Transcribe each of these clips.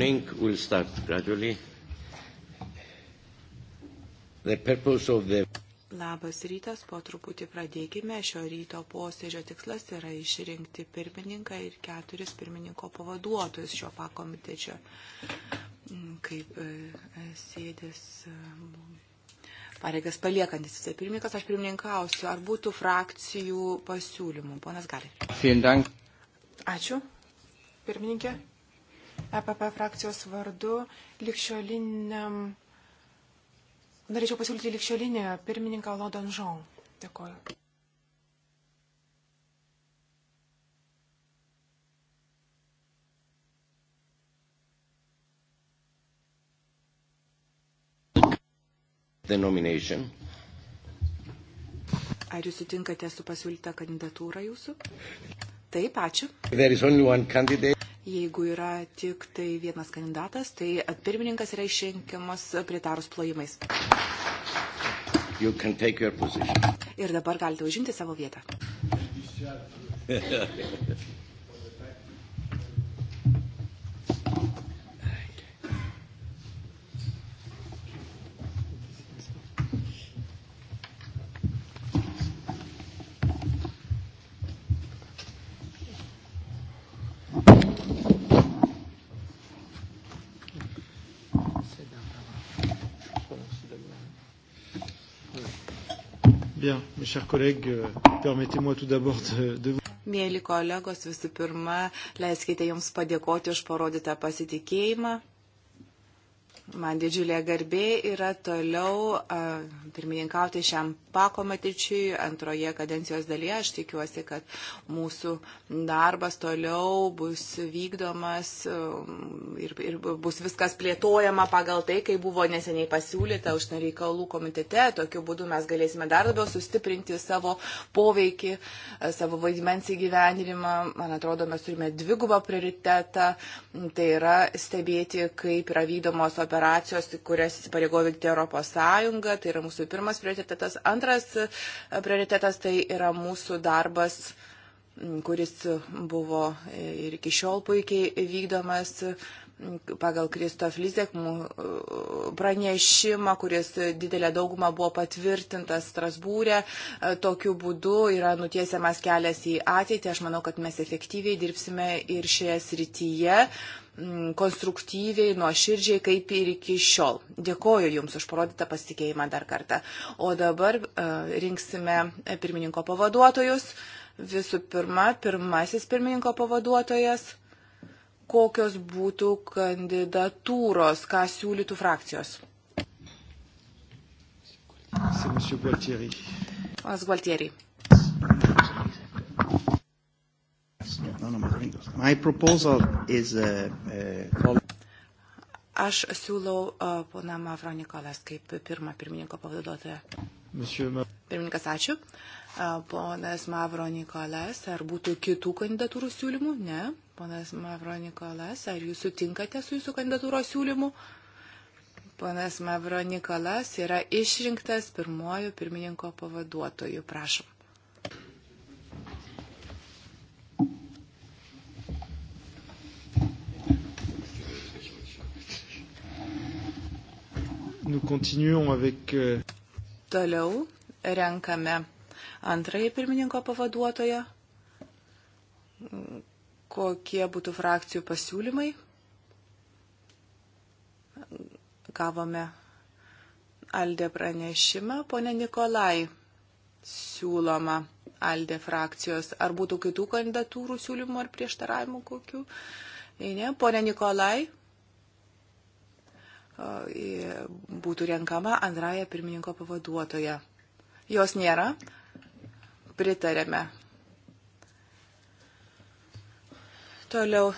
morning. We'll start gradually. The purpose of the Labas rytas, po truputį pradėkime. Šio ryto posėdžio tikslas yra išrinkti pirmininką ir keturis pirmininko pavaduotojus šio pakomitečio. Mm, kaip e, e, sėdės e, pareigas paliekantis vicepirmininkas, aš pirmininkausiu. Ar būtų frakcijų pasiūlymų? Ponas Gali. Ačiū, pirmininkė. EPP frakcijos vardu likščioliniam. Norėčiau pasiūlyti likščiolinį pirmininką Lodonžon. Dėkuoju. the nomination. Ar jūs sutinkate su pasiūlyta kandidatūra jūsų? Taip, ačiū. Jeigu yra tik tai vienas kandidatas, tai pirmininkas yra išrinkimas pritarus plojimais. You Ir dabar galite užimti savo vietą. Mėly kolegos, visų pirma, leiskite Jums padėkoti už parodytą pasitikėjimą. Man didžiulė garbė yra toliau uh, pirmininkauti šiam pakomatičiui antroje kadencijos dalyje. Aš tikiuosi, kad mūsų darbas toliau bus vykdomas uh, ir, ir bus viskas plėtojama pagal tai, kai buvo neseniai pasiūlyta užsienio reikalų komitete. Tokiu būdu mes galėsime dar labiau sustiprinti savo poveikį, uh, savo vaidmens įgyvenimą. Man atrodo, mes turime dvigubą prioritetą. Tai yra stebėti, kaip yra vykdomos operacijos operacijos, kurias įsipareigojo vykti Europos Sąjunga, tai yra mūsų pirmas prioritetas. Antras e, prioritetas tai yra mūsų darbas kuris buvo e, ir iki šiol puikiai vykdomas pagal Kristof Lizek pranešimą, kuris didelė dauguma buvo patvirtintas Strasbūrė. E, tokiu būdu yra nutiesiamas kelias į ateitį. Aš manau, kad mes efektyviai dirbsime ir šioje srityje konstruktyviai, nuoširdžiai, kaip ir iki šiol. Dėkoju Jums už parodytą pasitikėjimą dar kartą. O dabar uh, rinksime pirmininko pavaduotojus. Visų pirma, pirmasis pirmininko pavaduotojas kokios būtų kandidatūros, ką siūlytų frakcijos. Ponas Gualtieri. Uh, uh, Aš siūlau uh, poną Mavro Nikolas kaip pirmą pirmininko pavaduotoją. Pirmininkas, ačiū. Uh, ponas Mavro Nikolas, ar būtų kitų kandidatūrų siūlymų? Ne. Ponas Mavro Nikolas, ar jūs sutinkate su jūsų kandidatūros siūlymu? Ponas Mavro Nikolas yra išrinktas pirmojų pirmininko pavaduotojų. Prašom. Nous continuons avec... Euh, Toliau renkame antrąjį pirmininko pavaduotoją kokie būtų frakcijų pasiūlymai. Gavome Aldė pranešimą, ponė Nikolai siūloma Aldė frakcijos. Ar būtų kitų kandidatūrų siūlymų ar prieštaravimų kokių? Jei ne, ponė Nikolai būtų renkama antraja pirmininko pavaduotoja. Jos nėra. Pritarėme Toliau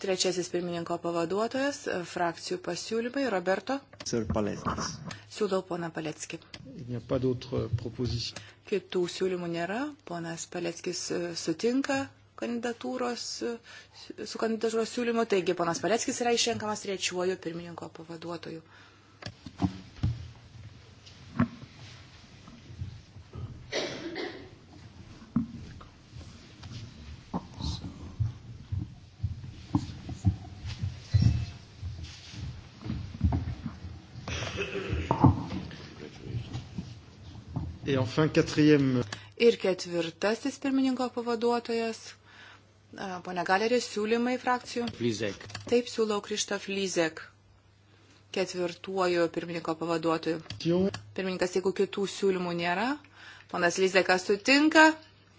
trečiasis pirmininko pavaduotojas, e, frakcijų pasiūlymai, Roberto. Siūlau poną Paleckį. Kitų siūlymų nėra, ponas Paleckis e, sutinka kandidatūros, e, su kandidatūros siūlymu, taigi ponas Paleckis yra išrenkamas trečiuoju pirmininko pavaduotoju. enfin, quatrième... Ir ketvirtasis pirmininko pavaduotojas, ponia Galerė, siūlymai frakcijų. Lizek. Taip siūlau Krištof Lizek ketvirtuoju pirmininko pavaduotoju. Pirmininkas, jeigu kitų siūlymų nėra, ponas Lizekas sutinka,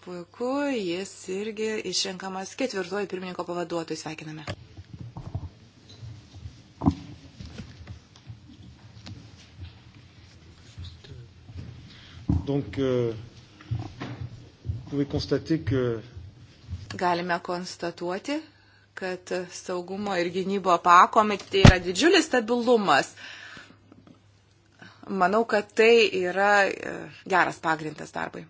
puiku, jis irgi išrenkamas ketvirtuoju pirmininko pavaduotoju. Sveikiname. Donc, euh, vous pouvez constater que galime konstatuoti, kad saugumo ir gynybo pakomitė yra didžiulis stabilumas. Manau, kad tai yra e, geras pagrindas darbai.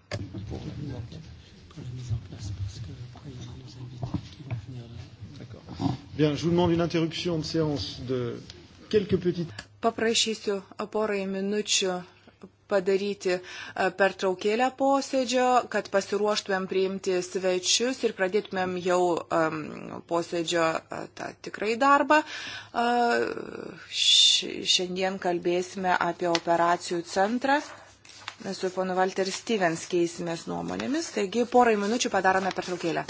Bien, je vous demande une interruption de séance de quelques petites. Paprašysiu porai minučių padaryti e, pertraukėlę posėdžio, kad pasiruoštumėm priimti svečius ir pradėtumėm jau um, posėdžio e, tą tikrai darbą. Uh, šiandien kalbėsime apie operacijų centrą. Mes su ponu Walter Stevens keisimės nuomonėmis, taigi porai minučių padarome pertraukėlę.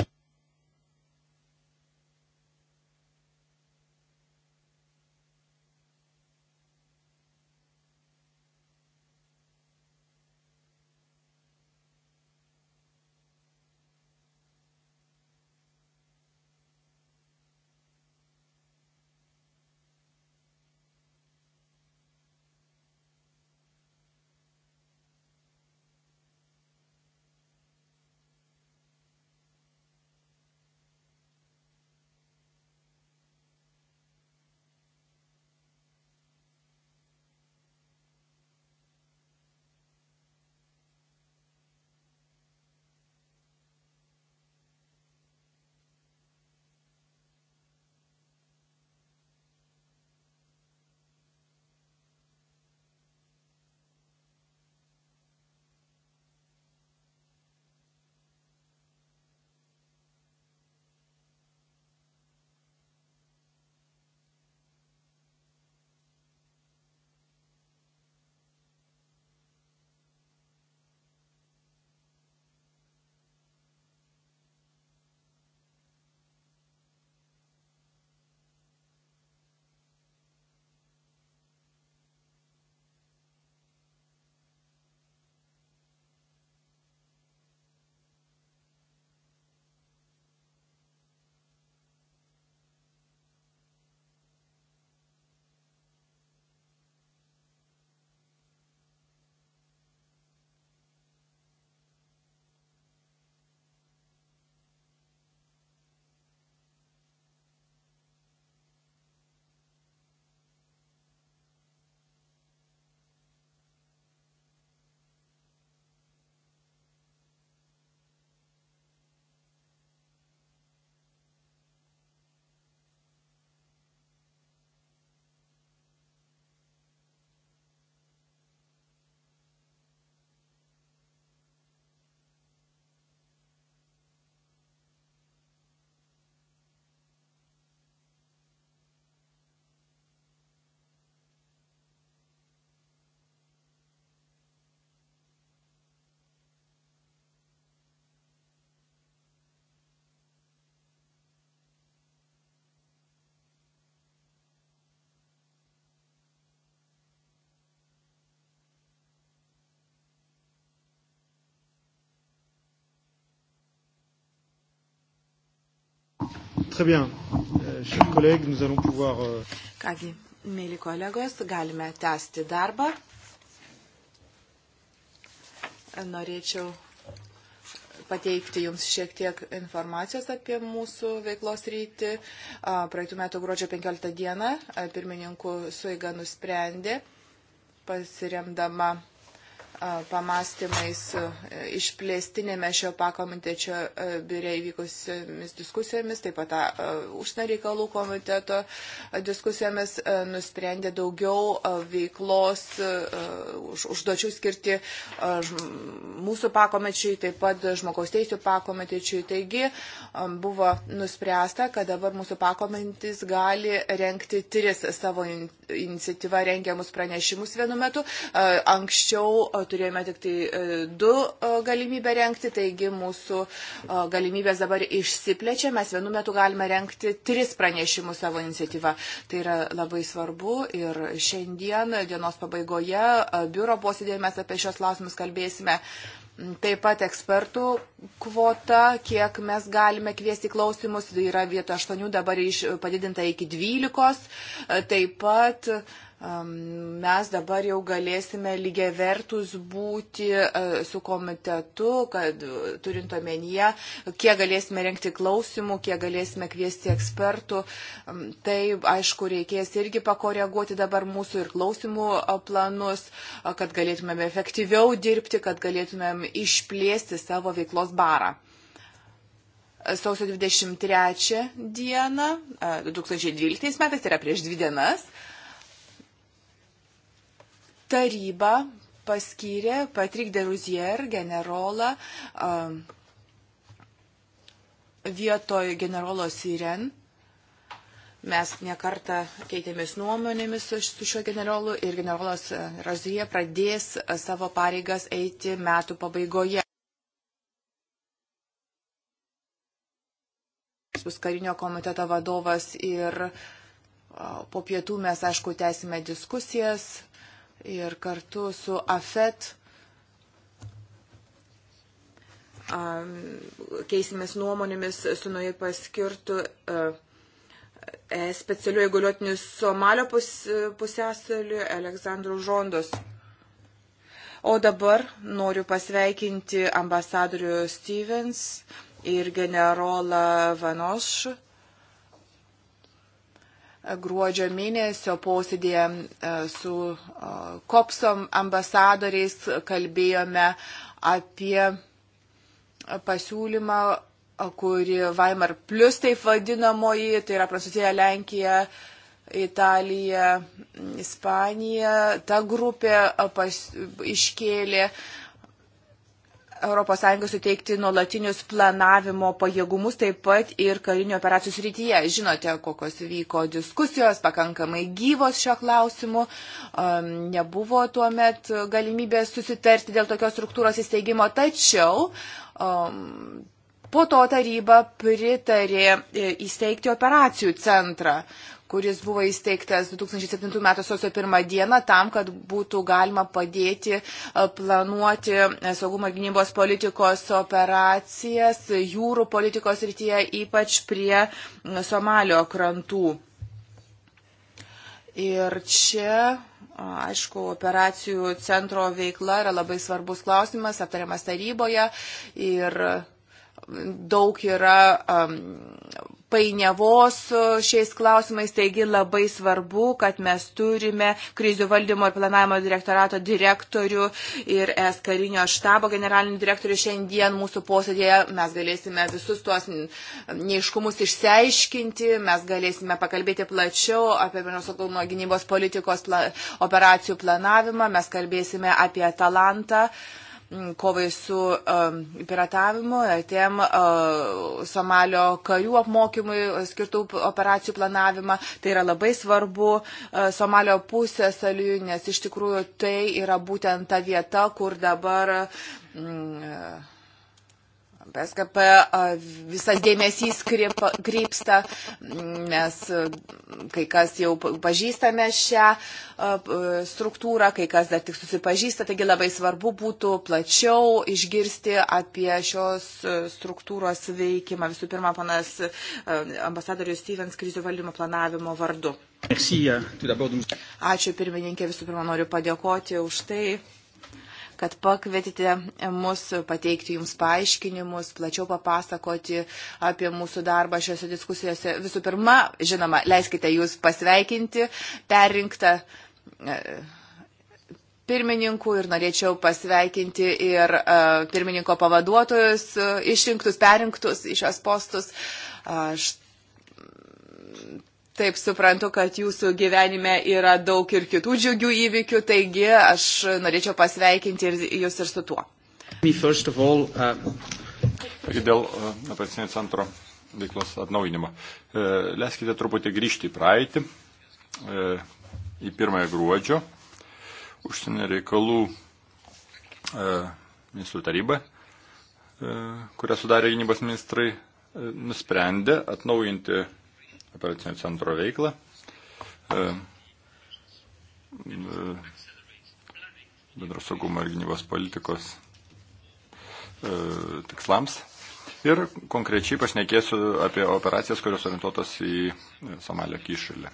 Très bien, euh, chers collègues, nous allons pouvoir. Euh, Kągi, mėly kolegos, galime tęsti darbą. Norėčiau pateikti Jums šiek tiek informacijos apie mūsų veiklos rytį. Praeitų metų gruodžio 15 dieną pirmininkų suiga nusprendė, pasiremdama pamastymais išplėstinėme šio pakomitečio biure įvykusiamis diskusijomis, taip pat užsienio reikalų komiteto diskusijomis nusprendė daugiau veiklos užduočių skirti mūsų pakomitečiui, taip pat žmogaus teisų pakomitečiui. Taigi buvo nuspręsta, kad dabar mūsų pakomitetis gali renkti tris savo iniciatyvą rengiamus pranešimus vienu metu. Anksčiau turėjome tik tai e, du e, galimybę renkti, taigi mūsų e, galimybės dabar išsiplečia, mes vienu metu galime renkti tris pranešimus savo iniciatyvą. Tai yra labai svarbu ir šiandien dienos pabaigoje biuro posėdėje mes apie šios klausimus kalbėsime. Taip pat ekspertų kvota, kiek mes galime kviesti klausimus, tai yra vieta 8, dabar iš, padidinta iki 12. Taip pat uh, mes dabar jau galėsime lygiai vertus būti e, su komitetu, kad turint omenyje, kiek galėsime renkti klausimų, kiek galėsime kviesti ekspertų. Tai, aišku, reikės irgi pakoreguoti dabar mūsų ir klausimų planus, kad galėtumėm efektyviau dirbti, kad galėtumėm išplėsti savo veiklos barą sausio 23 dieną, 2012 metais, tai yra prieš dvi dienas, taryba paskyrė Patrik de Ruzier generolą um, vietoj generolo Siren. Mes nekartą keitėmės nuomonėmis su, su šiuo generolu ir generolas uh, Razija pradės uh, savo pareigas eiti metų pabaigoje. Bus karinio komiteto vadovas ir uh, po pietų mes, aišku, tęsime diskusijas ir kartu su AFET keisimės nuomonėmis su nuoji paskirtų e, e, specialiuoju įgaliotiniu Somalio pus, e, pusėsaliu Aleksandru Žondos. O dabar noriu pasveikinti ambasadorių Stevens ir generolą Vanošų gruodžio mėnesio posėdėje e, su e, kopsom ambasadoriais kalbėjome apie pasiūlymą, kuri Weimar plus taip vadinamoji, tai yra Prancūzija, Lenkija, Italija, Ispanija, ta grupė pas, iškėlė uh, ES suteikti nuolatinius planavimo pajėgumus taip pat ir karinių operacijų srityje. Žinote, kokios vyko diskusijos, pakankamai gyvos šio klausimu. Nebuvo tuo met galimybės susitarti dėl tokios struktūros įsteigimo, tačiau po to taryba pritarė e, įsteigti operacijų centrą kuris buvo įsteigtas 2007 m. sausio 1 dieną tam, kad būtų galima padėti e, planuoti e, saugumo gynybos politikos operacijas jūrų politikos rytyje, ypač prie Somalio krantų. Ir čia Aišku, operacijų centro veikla yra labai svarbus klausimas, aptariamas taryboje ir daug yra um, painiavos e, šiais klausimais, taigi labai svarbu, kad mes turime krizių valdymo ir planavimo direktorato direktorių ir es karinio štabo generalinių direktorių šiandien mūsų posėdėje. Mes galėsime visus tuos neiškumus išsiaiškinti, mes galėsime pakalbėti plačiau apie vienos saugumo gynybos politikos pla operacijų planavimą, mes kalbėsime apie talentą. Uh, kovai su um, piratavimu, atėm uh, Somalio karių apmokymui skirtų operacijų planavimą. Tai yra labai svarbu uh, Somalio pusės aliui, nes iš tikrųjų tai yra būtent ta vieta, kur dabar. Um, PSKP visas dėmesys krypsta, mes kai kas jau pažįstame šią struktūrą, kai kas dar tik susipažįsta, taigi labai svarbu būtų plačiau išgirsti apie šios struktūros veikimą. Visų pirma, panas ambasadorius Stevens krizių valdymo planavimo vardu. Euh, Ačiū pirmininkė, visų pirma noriu padėkoti už tai kad pakvietėte mus pateikti jums paaiškinimus, plačiau papasakoti apie mūsų darbą šiuose diskusijose. Visų pirma, žinoma, leiskite jūs pasveikinti perrinktą e, pirmininku ir norėčiau pasveikinti ir uh, pirmininko pavaduotojus uh, išrinktus, perrinktus į šios postus. Aš Taip suprantu, kad jūsų gyvenime yra daug ir kitų džiugių įvykių, taigi aš norėčiau pasveikinti ir jūs ir su tuo. All, uh... Dėl uh, operacinio centro veiklos atnaujinimo. Uh, leiskite truputį grįžti į praeitį, uh, į pirmąją gruodžio užsienio reikalų uh, ministrų tarybą, uh, kurią sudarė gynybos ministrai, uh, nusprendė atnaujinti operacinio centro veiklą. E, e, bendros saugumo ir gynybos politikos e, tikslams. Ir konkrečiai pašnekėsiu apie operacijas, kurios orientuotos į Somalio kyšulį.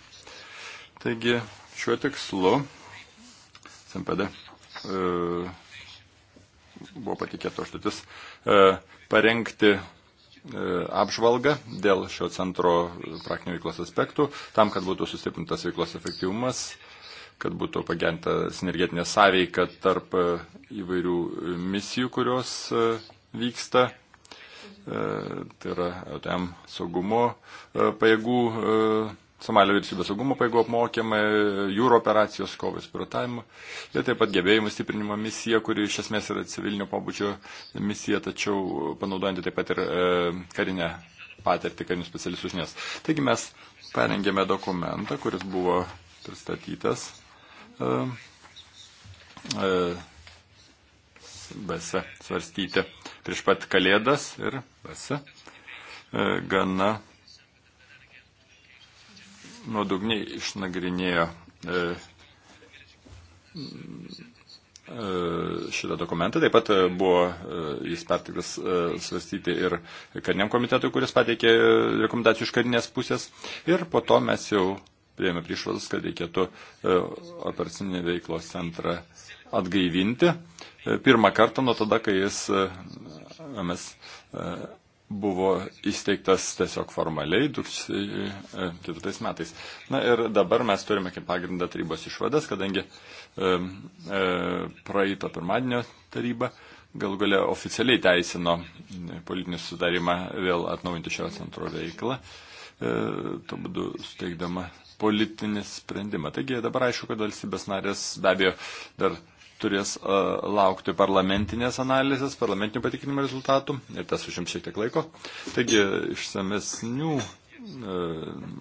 Taigi, šiuo tikslu SMPD buvo patikėta užduotis parengti E, apžvalgą dėl šio centro praktinio veiklos aspektų, tam, kad būtų sustiprintas veiklos efektyvumas, kad būtų pagerinta sinergetinė sąveika tarp e, įvairių e, misijų, kurios vyksta. Tai yra OTM saugumo pajėgų Somalio vyriausybės saugumo paėgų apmokymai, jūro operacijos kovos piratavimo ir taip pat gebėjimų stiprinimo misija, kuri iš esmės yra civilinio pobūdžio misija, tačiau panaudojanti taip pat ir e, karinę patirtį karinius specialistus žinias. Taigi mes parengėme dokumentą, kuris buvo pristatytas e, e, BS svarstyti prieš pat kalėdas ir BS e, gana nuodugniai išnagrinėjo e, e, šitą dokumentą. Taip pat e, buvo e, jis pertiktas svarstyti ir kariniam komitetui, kuris pateikė rekomendacijų iš karinės pusės. Ir po to mes jau prieėmė priešvadas, kad reikėtų operacinį veiklos centrą atgaivinti. Pirmą kartą nuo tada, kai jis mes buvo įsteigtas tiesiog formaliai 2004 e, e, metais. Na ir dabar mes turime kaip pagrindą tarybos išvadas, kadangi e, e, praeito pirmadienio taryba gal galia oficialiai teisino e, politinį sutarimą vėl atnaujinti šio centro veiklą, e, tuo būdu suteikdama politinį sprendimą. Taigi dabar aišku, kad valstybės narės be abejo dar turės uh, laukti parlamentinės analizės, parlamentinių patikrinimo rezultatų ir tas užims šiek tiek laiko. Taigi išsamesnių uh,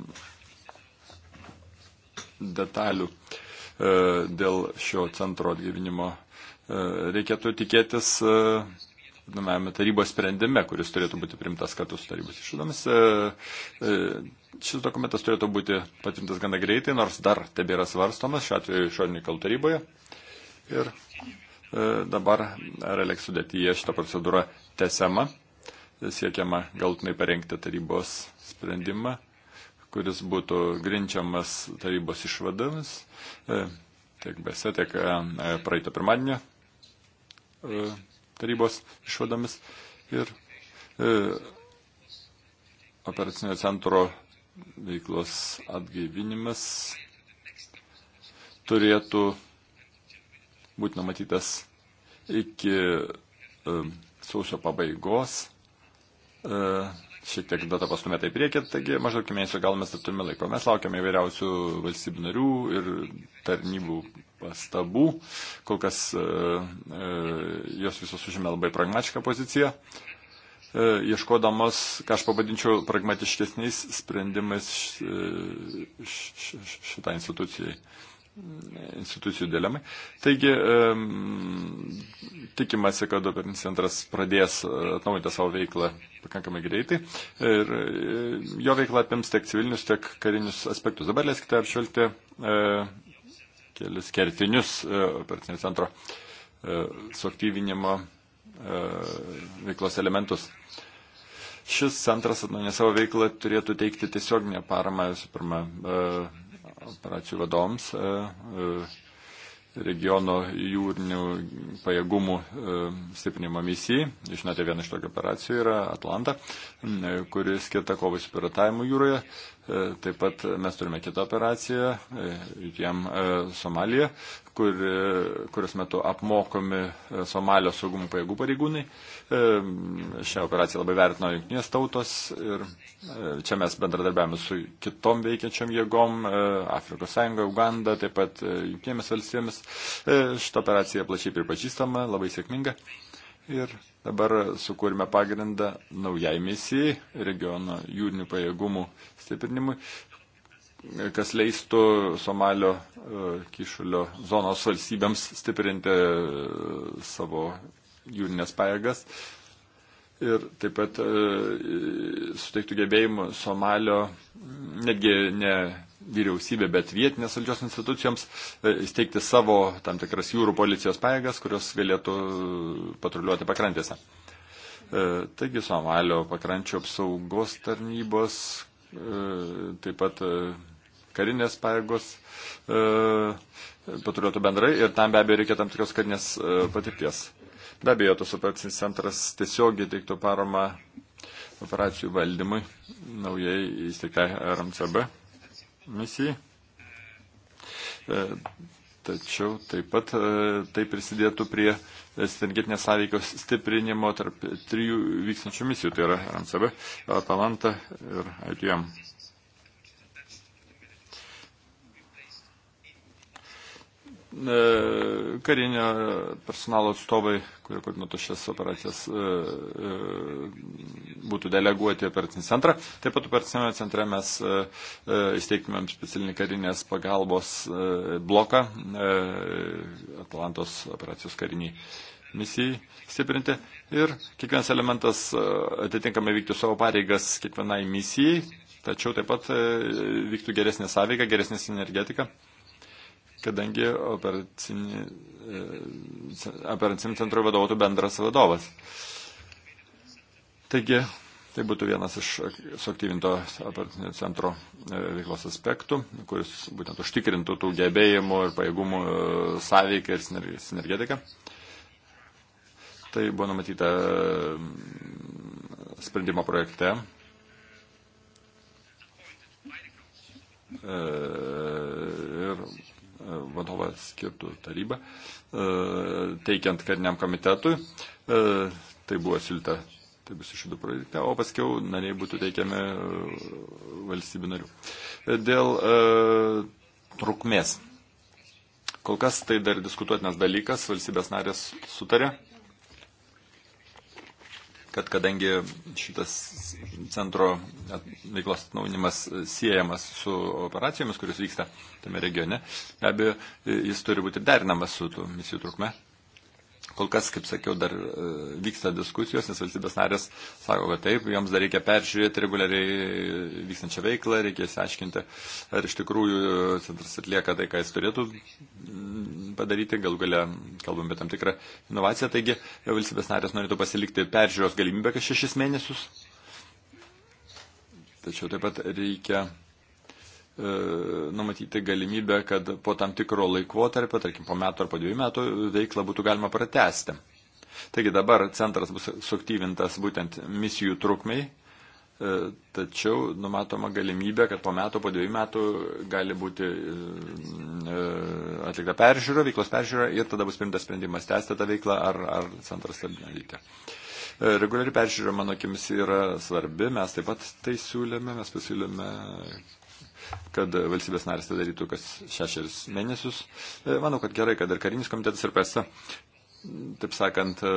detalių uh, dėl šio centro atgyvinimo uh, reikėtų tikėtis. Uh, vadinamajame tarybos sprendime, kuris turėtų būti primtas kartu su tarybos išvadomis. Šis dokumentas turėtų būti patrimtas gana greitai, nors dar tebėra svarstomas, šiuo atveju išorinių kalų taryboje. Ir e, dabar RLX sudėtyje šita procedūra tesiama, siekiama galtinai parengti tarybos sprendimą, kuris būtų grinčiamas tarybos išvadomis, e, tiek BS, tiek e, praeito pirmadienio tarybos išvadomis. Ir operacinio centro veiklos atgaivinimas turėtų būtina matytas iki uh, sausio pabaigos. Uh, šiek tiek data pastumėta į priekį, taigi maždaug iki mėnesio gal mes dar turime laiko. Mes laukiame įvairiausių valstybių narių ir tarnybų pastabų. Kol kas uh, uh, jos visos užėmė labai pragmatišką poziciją, uh, ieškodamos, ką aš pavadinčiau, pragmatiškesniais sprendimais š, š, š, šitai institucijai. Uh, institucijų dilemai. Taigi, tikimasi, kad operinis centras pradės e, atnaujinti savo veiklą pakankamai greitai ir e, jo veikla apims tiek civilinius, tiek karinius aspektus. Dabar leiskite apšvelgti e, kelis kertinius operacinio centro suaktyvinimo veiklos elementus. Šis centras atnaujinę savo veiklą turėtų teikti tiesioginę paramą, visų pirma, e, operacijų vadoms e, e, regiono jūrinių pajėgumų e, stiprinimo misijai. Žinote, viena iš tokių operacijų yra Atlanta, kuris skirta kovai su piratavimu jūroje. E, taip pat mes turime kitą operaciją, jiem e, Somalija, kur, e, kurios metu apmokomi Somalio saugumo pajėgų pareigūnai. Šią operaciją labai vertino jungtinės tautos ir čia mes bendradarbiavame su kitom veikiančiom jėgom, Afrikos Sąjunga, Uganda, taip pat jungtinėmis valstybėmis. Šitą operaciją plačiai pripažįstama, labai sėkminga. Ir dabar sukūrime pagrindą naujai misijai, regiono jūrinių pajėgumų stiprinimui, kas leistų Somalio e, kišulio zonos valstybėms stiprinti e, savo jūrinės pajėgas. Ir taip pat e, suteiktų gebėjimų Somalio netgi ne vyriausybė, bet vietinės valdžios institucijoms e, įsteigti savo tam tikras jūrų policijos pajėgas, kurios galėtų patruliuoti pakrantėse. E, taigi Somalio pakrančio apsaugos tarnybos, e, taip pat karinės pajėgos patruliuotų bendrai ir tam be abejo reikia tam tikros karinės patirties. Be abejo, tas operacinis centras tiesiogiai teiktų paramą operacijų valdymui naujai įsteigtai RMCB misijai. E, tačiau taip pat e, tai prisidėtų prie energetinės sąveikos stiprinimo tarp trijų vykstančių misijų, tai yra RMCB, Atalanta ir ITM. E, karinio personalo atstovai, kurie koordinuotų šias operacijas, e, e, būtų deleguoti operacinį centrą. Taip pat operacinėme centre mes įsteigtumėm specialinį karinės pagalbos bloką Atlantos operacijos kariniai misijai stiprinti. Ir kiekvienas elementas atitinkamai vyktų savo pareigas kiekvienai misijai, tačiau taip pat vyktų geresnė sąveika, geresnė energetika kadangi e, operacinių centrų vadovautų bendras vadovas. Taigi, tai būtų vienas iš suaktyvinto operacinio centro e, veiklos aspektų, kuris būtent užtikrintų tų gebėjimų ir pajėgumų e, sąveiką ir sinergetiką. Tai buvo numatyta sprendimo projekte, vadovą skirtų tarybą, e, teikiant kariniam komitetui. E, tai buvo siūlyta, tai bus iš šitų projekte, o paskiau nariai būtų teikiami e, valstybių narių. Dėl trukmės. Kol kas tai dar diskutuotinas dalykas, valstybės narės sutarė kad kadangi šitas centro veiklos atnaunimas siejamas su operacijomis, kuris vyksta tame regione, be abejo, jis turi būti derinamas su tų misijų trukme. Kol kas, kaip sakiau, dar e, vyksta diskusijos, nes valstybės narės sako, kad taip, joms dar reikia peržiūrėti reguliariai e, vykstančią veiklą, reikia įsiaiškinti, ar iš tikrųjų centras atlieka tai, ką jis turėtų mm, padaryti, gal galia kalbam apie tam tikrą inovaciją. Taigi, valstybės narės norėtų pasilikti peržiūros galimybę kas šešis mėnesius. Tačiau taip pat reikia E, numatyti galimybę, kad po tam tikro laikotarpio, tarkim po metų ar po dviejų metų, veiklą būtų galima pratesti. Taigi dabar centras bus suaktyvintas būtent misijų trukmei, e, tačiau numatoma galimybė, kad po metų, po dviejų metų gali būti e, atlikta peržiūra, veiklos peržiūra ir tada bus priimtas sprendimas tęsti tą veiklą ar, ar centras stabdyti. Reguliari peržiūra, mano akimis, yra svarbi, mes taip pat tai siūlėme, mes pasiūlėme kad valstybės narės tai darytų kas šešerius mėnesius. E, manau, kad gerai, kad ir karinis komitetas ir PSA, taip sakant, e,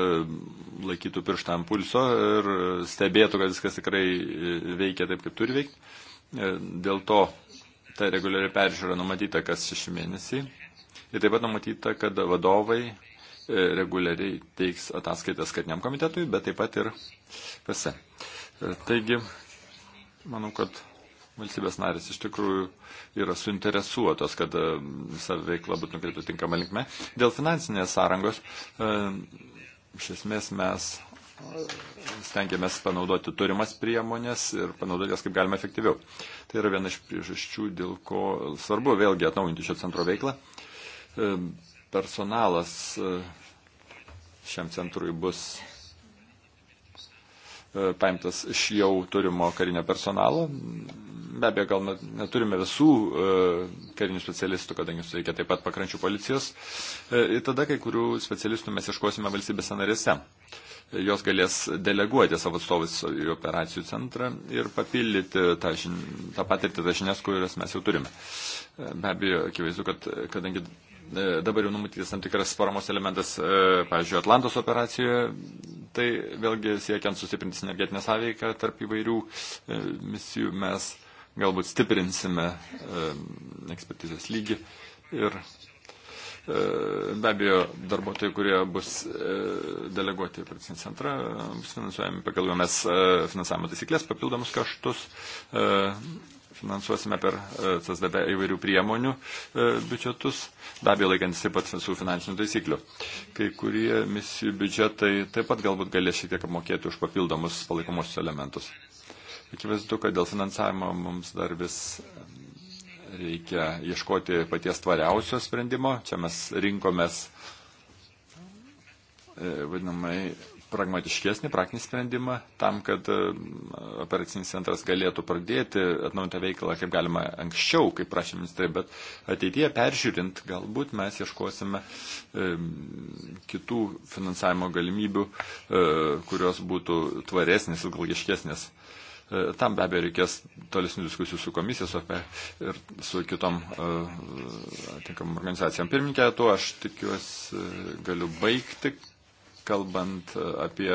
laikytų pirštą ant pulso ir stebėtų, kad viskas tikrai e, veikia taip, kaip turi veikti. Dėl to ta reguliari peržiūra numatyta kas šeši mėnesiai. Ir taip pat numatyta, kad vadovai reguliariai teiks ataskaitas kartiniam komitetui, bet taip pat ir pase. Taigi, manau, kad valstybės narės iš tikrųjų yra suinteresuotos, kad e, visa veikla būtų nukreipta tinkama linkme. Dėl finansinės sąrangos, e, iš esmės mes e, stengiamės panaudoti turimas priemonės ir panaudoti jas kaip galima efektyviau. Tai yra viena iš priežasčių, dėl ko svarbu vėlgi atnaujinti šio centro veiklą. Personalas šiam centrui bus E, paimtas iš jau turimo karinio personalo. Be abejo, gal neturime visų e, karinių specialistų, kadangi reikia taip pat pakrančių policijos. E, ir tada kai kurių specialistų mes ieškosime valstybėse narėse. Jos galės deleguoti savo atstovus į operacijų centrą ir papildyti tą, žin, tą patirtį, tas žinias, kurias mes jau turime. Be abejo, akivaizdu, kad kadangi E, dabar jau numatytas tam tikras paramos elementas, e, pavyzdžiui, Atlantos operacijoje, tai vėlgi siekiant sustiprinti energetinę sąveiką tarp įvairių e, misijų mes galbūt stiprinsime ekspertizės lygį ir be abejo darbuotojai, kurie bus deleguoti į operacinį centrą, bus finansuojami pagal mes finansavimo taisyklės, papildomus kaštus finansuosime per e, CSDB įvairių priemonių e, biudžetus, be abejo laikantis taip pat visų finansinių taisyklių. Kai kurie misijų biudžetai taip pat galbūt galės šiek tiek apmokėti už papildomus palaikomosius elementus. Akivaizdu, kad dėl finansavimo mums dar vis reikia ieškoti paties tvariausio sprendimo. Čia mes rinkomės e, vadinamai pragmatiškesnį praktinį sprendimą tam, kad e, operacinis centras galėtų pradėti atnaujintą veiklą kaip galima anksčiau, kaip prašė ministrai, bet ateityje peržiūrint, galbūt mes ieškosime e, kitų finansavimo galimybių, e, kurios būtų tvaresnės, ilgalgiškesnės. E, tam be abejo reikės tolesnių diskusijų su komisijos apie ir su kitom e, atinkam organizacijom. Pirmininkė, tuo aš tikiuosi galiu baigti kalbant e, apie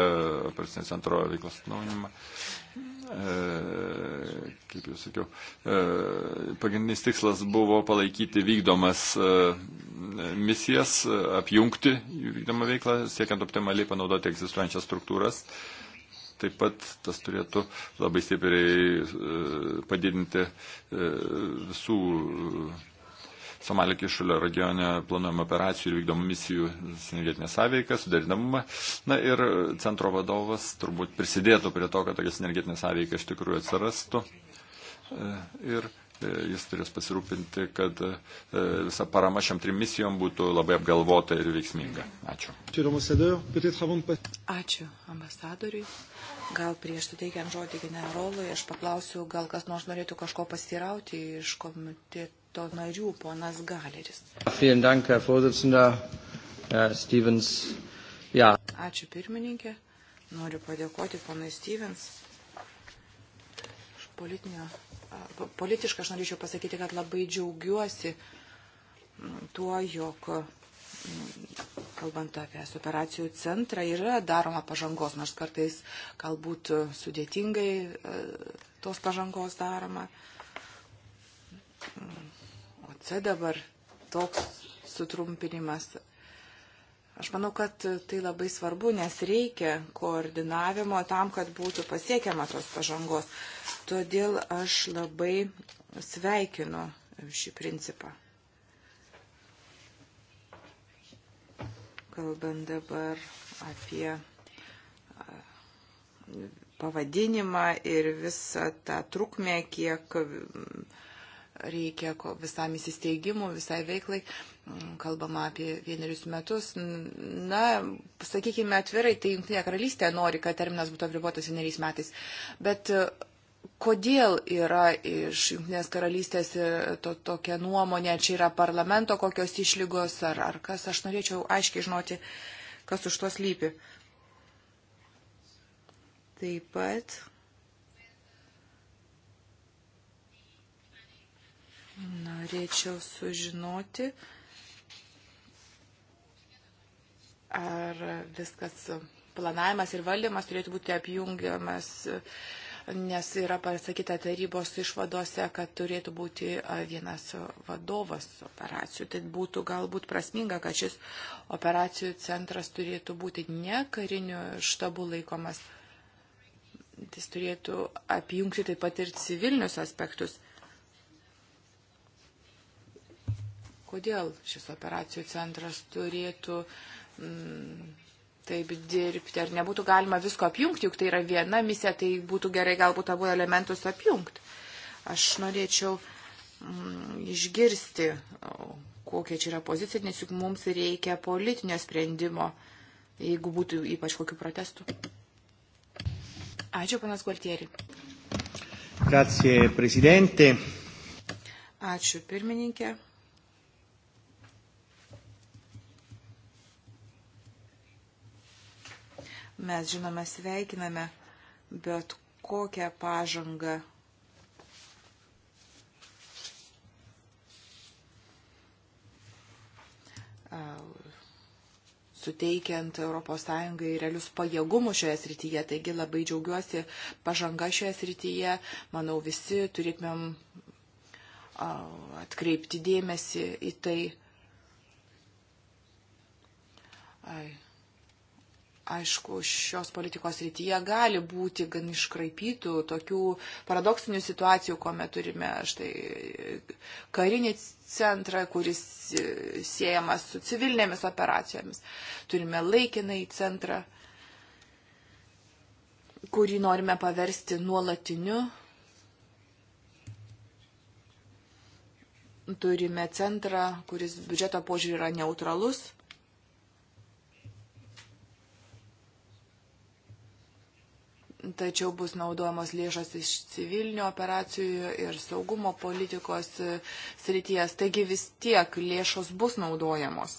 operacinio centro veiklos atnaujinimą. E, kaip jau sakiau, e, pagrindinis tikslas buvo palaikyti vykdomas misijas, apjungti jų vykdomą veiklą, siekiant optimaliai panaudoti egzistuojančias struktūras. Taip pat tas turėtų labai stipriai padidinti visų Somalio kišulio regione planuojama operacijų ir vykdomų misijų sinergetinė sąveika, suderinamumą. Na ir centro vadovas turbūt prisidėtų prie to, kad tokia sinergetinė sąveika iš tikrųjų atsirastų. E, ir e, jis turės pasirūpinti, kad e, visa parama šiam trim misijom būtų labai apgalvota ir veiksminga. Ačiū. Ačiū ambasadoriui. Gal prieš suteikiant žodį generolui, aš paklausiu, gal kas nors norėtų kažko pasirauti iš komiteto komiteto narių, ponas Galeris. Ačiū pirmininkė. Noriu padėkoti ponai Stevens. Politinio, politiškai aš norėčiau pasakyti, kad labai džiaugiuosi tuo, jog kalbant apie operacijų centrą, yra daroma pažangos, nors kartais galbūt sudėtingai e, tos pažangos daroma. C dabar toks sutrumpinimas. Aš manau, kad tai labai svarbu, nes reikia koordinavimo tam, kad būtų pasiekiama tos pažangos. Todėl aš labai sveikinu šį principą. Kalbant dabar apie pavadinimą ir visą tą trukmę, kiek reikia visam įsisteigimui, visai veiklai. Mm, kalbama apie vienerius metus. Na, sakykime atvirai, tai Junktinė karalystė nori, kad terminas būtų apribotas vieneriais metais. Bet e, kodėl yra iš Junktinės karalystės e, to, tokia nuomonė, čia yra parlamento kokios išlygos ar, ar kas, aš norėčiau aiškiai žinoti, kas už to slypi. Taip pat Norėčiau sužinoti, ar viskas planavimas ir valdymas turėtų būti apjungiamas, nes yra pasakyta tarybos išvadose, kad turėtų būti vienas vadovas operacijų. Tai būtų galbūt prasminga, kad šis operacijų centras turėtų būti ne kariniu štabu laikomas. Jis turėtų apjungti taip pat ir civilinius aspektus. Kodėl šis operacijų centras turėtų mm, taip dirbti? Ar nebūtų galima visko apjungti, juk tai yra viena misija, tai būtų gerai galbūt abu elementus apjungti. Aš norėčiau mm, išgirsti, kokia čia yra pozicija, nes juk mums reikia politinio sprendimo, jeigu būtų ypač kokių protestų. Ačiū, panas Gualtieri. Grazie, prezidente. Ačiū, pirmininkė. Mes, žinoma, sveikiname bet kokią pažangą. suteikiant ES realius pajėgumus šioje srityje. Taigi labai džiaugiuosi pažanga šioje srityje. Manau, visi turėtumėm atkreipti dėmesį į tai. Ai aišku, šios politikos rytyje gali būti gan iškraipytų tokių paradoksinių situacijų, kuomet turime štai karinį centrą, kuris siejamas su civilinėmis operacijomis. Turime laikinai centrą, kurį norime paversti nuolatiniu. Turime centrą, kuris biudžeto požiūrį yra neutralus. tačiau bus naudojamos lėšos iš civilinių operacijų ir saugumo politikos e, srities. Taigi vis tiek lėšos bus naudojamos.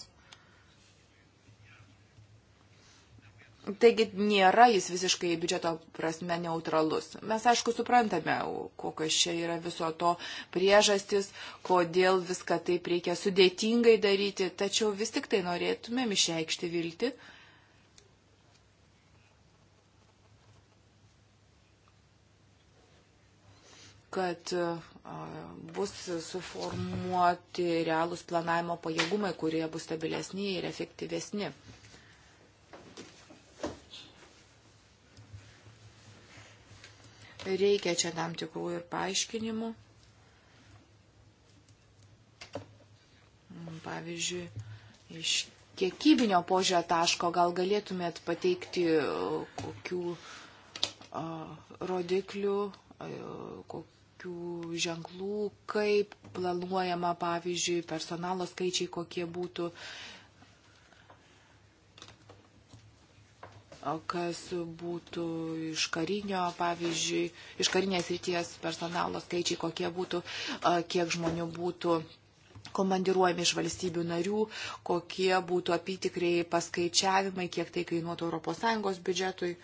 Taigi nėra jis visiškai biudžeto prasme neutralus. Mes aišku suprantame, kokios čia yra viso to priežastis, kodėl viską taip reikia sudėtingai daryti, tačiau vis tik tai norėtumėm išreikšti viltį, kad e, bus suformuoti realūs planavimo pajėgumai, kurie bus stabilesni ir efektyvesni. Reikia čia tam tikrų ir paaiškinimų. Pavyzdžiui, iš kiekybinio požiūrio taško gal galėtumėt pateikti e, kokių rodiklių, kokių kokių ženklų, kaip planuojama, pavyzdžiui, personalo skaičiai kokie būtų, kas būtų iš karinio, pavyzdžiui, iš karinės ryties personalo skaičiai kokie būtų, kiek žmonių būtų komandiruojami iš valstybių narių, kokie būtų apytikriai paskaičiavimai, kiek tai kainuotų ES biudžetui.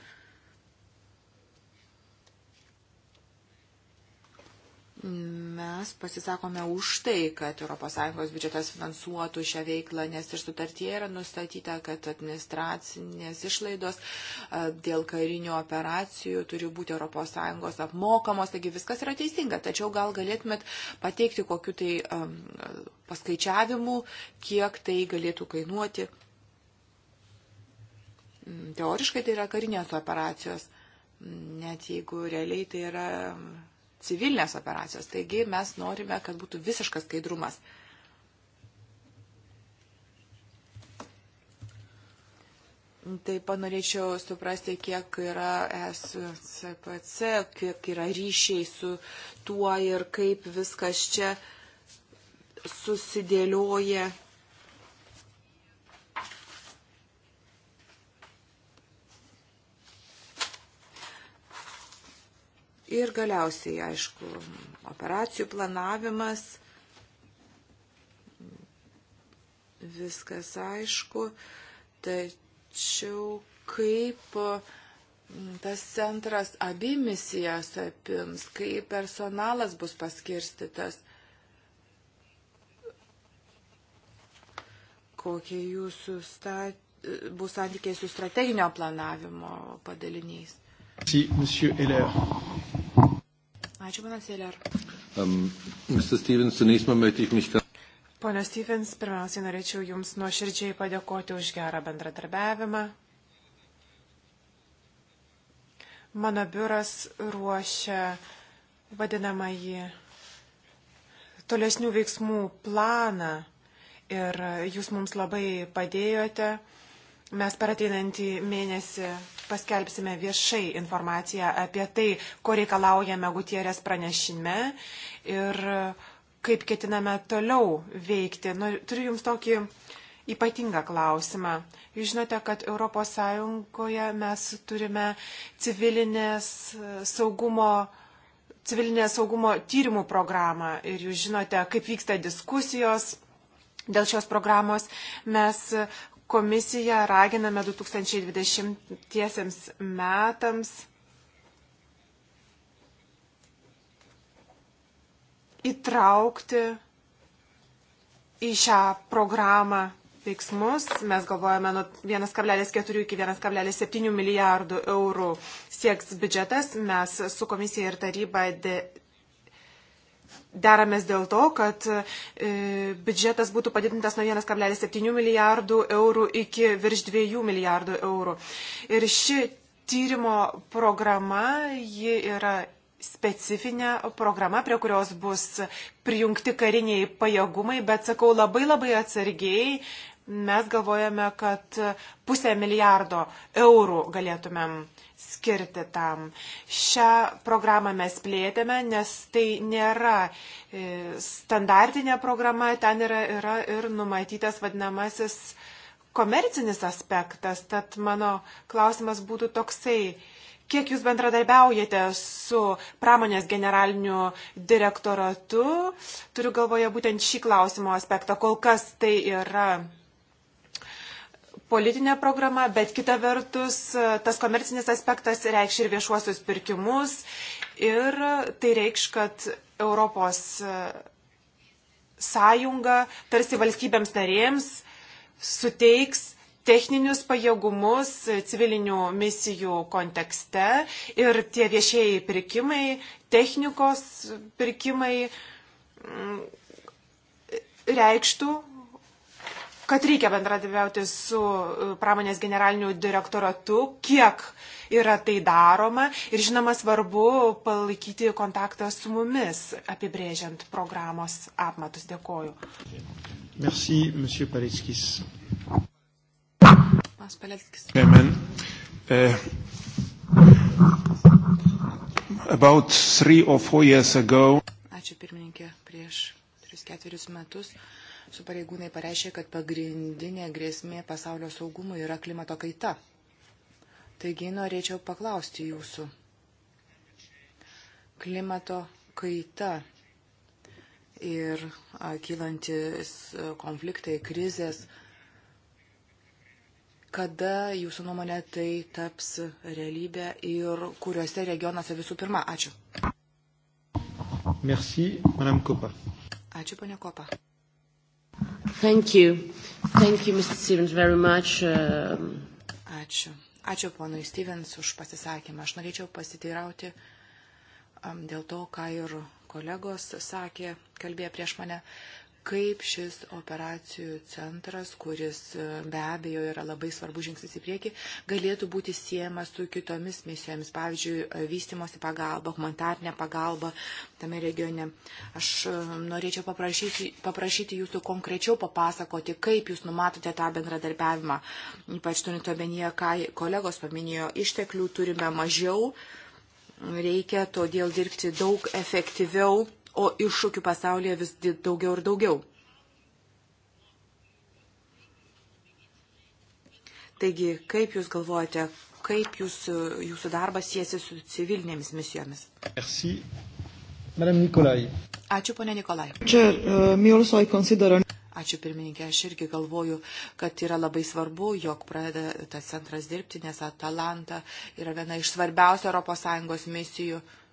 Mes pasisakome už tai, kad ES biudžetas finansuotų šią veiklą, nes ir sutartie yra nustatyta, kad administracinės išlaidos dėl karinių operacijų turi būti ES apmokamos, taigi viskas yra teisinga. Tačiau gal galėtumėt pateikti kokiu tai um, paskaičiavimu, kiek tai galėtų kainuoti. Mm, teoriškai tai yra karinės operacijos, net jeigu realiai tai yra. Um, civilinės operacijos. Taigi mes norime, kad būtų visiškas skaidrumas. Taip pat norėčiau suprasti, kiek yra SCPC, kiek yra ryšiai su tuo ir kaip viskas čia susidėlioja Ir galiausiai, aišku, operacijų planavimas, viskas aišku, tačiau kaip mm, tas centras abi misijas apims, kaip personalas bus paskirstytas, kokie jūsų stat... bus santykiai su strateginio planavimo padaliniais. Si, Ačiū, panas Eiler. Um, Stevens, mich... Pone Stevens, pirmiausiai norėčiau Jums nuoširdžiai padėkoti už gerą bendradarbiavimą. Mano biuras ruošia vadinamąjį tolesnių veiksmų planą ir Jūs mums labai padėjote. Mes per ateinantį mėnesį paskelbsime viešai informaciją apie tai, ko reikalaujame Gutierės pranešime ir e, kaip ketiname toliau veikti. Nu, turiu Jums tokį ypatingą klausimą. Jūs žinote, kad ES mes turime civilinės e, saugumo civilinės saugumo tyrimų programą ir jūs žinote, kaip vyksta diskusijos dėl šios programos. Mes komisiją raginame 2020 metams įtraukti į šią programą veiksmus. Mes galvojame nuo 1,4 iki 1,7 milijardų eurų sieks biudžetas. Mes su komisija ir taryba deramės dėl to, kad e, biudžetas būtų padidintas nuo 1,7 milijardų eurų iki virš 2 milijardų eurų. Ir ši tyrimo programa, ji yra specifinė programa, prie kurios bus prijungti kariniai pajėgumai, bet sakau labai labai atsargiai, mes galvojame, kad pusę milijardo eurų galėtumėm skirti tam. Šią programą mes plėtėme, nes tai nėra e, standartinė programa, ten yra, yra ir numatytas vadinamasis komercinis aspektas. Tad mano klausimas būtų toksai. Kiek jūs bendradarbiaujate su pramonės generaliniu direktoratu? Turiu galvoje būtent šį klausimo aspektą. Kol kas tai yra politinė programa, bet kita vertus tas komercinis aspektas reikš ir viešuosius pirkimus ir tai reikš, kad Europos sąjunga tarsi valstybėms narėms suteiks techninius pajėgumus civilinių misijų kontekste ir tie viešieji pirkimai, technikos pirkimai mm, reikštų, kad reikia bendradarbiauti su e, pramonės generaliniu direktoratu, kiek yra tai daroma ir žinoma svarbu palaikyti kontaktą su mumis, apibrėžiant programos apmatus. Dėkoju. Merci, monsieur Paleckis. Mas Paleckis. Amen. Uh, eh, about three or four years ago. Ačiū pirmininkė prieš tris ketverius metus. Uh, su pareigūnai pareiškė, kad pagrindinė grėsmė pasaulio saugumui yra klimato kaita. Taigi norėčiau paklausti jūsų. Klimato kaita ir kylantis konfliktai, krizės, kada jūsų nuomonė tai taps realybė ir kuriuose regionuose visų pirma. Ačiū. Merci, Madame Kopa. Ačiū, ponia Kopa. Thank you. Thank you, Mr. Stevens, very much. Um... Ačiū. Ačiū ponui Stevens už pasisakymą. Aš norėčiau pasiteirauti um, dėl to, ką ir kolegos sakė, kalbėjo prieš mane kaip šis operacijų centras, kuris e, be abejo yra labai svarbus žingsnis į priekį, galėtų būti siejamas su kitomis misijomis, pavyzdžiui, e, vystimosi pagalba, humanitarnė pagalba tame regione. Aš e, norėčiau paprašyti, paprašyti jūsų konkrečiau papasakoti, kaip jūs numatote tą bendradarbiavimą, ypač turint omenyje, ką kolegos paminėjo, išteklių turime mažiau, reikia todėl dirbti daug efektyviau o iššūkių pasaulyje vis daugiau ir daugiau. Taigi, kaip Jūs galvojate, kaip jūs, Jūsų darbas siesi su civilinėmis misijomis? Merci. Madame Nikolai. Ačiū, ponė Nikolai. Čia, uh, e, consider... Ačiū pirmininkė, aš irgi galvoju, kad yra labai svarbu, jog pradeda tas centras dirbti, nes Atalanta yra viena iš svarbiausių ES misijų. Uh,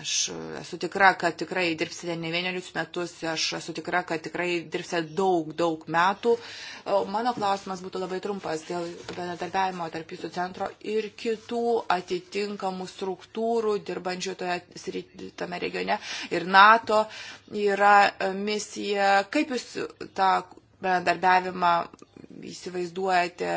Aš esu tikra, kad tikrai dirbsite ne vienerius metus, aš esu tikra, kad tikrai dirbsite daug, daug metų. Mano klausimas būtų labai trumpas dėl bendradarbiavimo tarp jūsų centro ir kitų atitinkamų struktūrų dirbančių toje, tame regione ir NATO yra misija. Kaip jūs tą bendarbiavimą įsivaizduojate,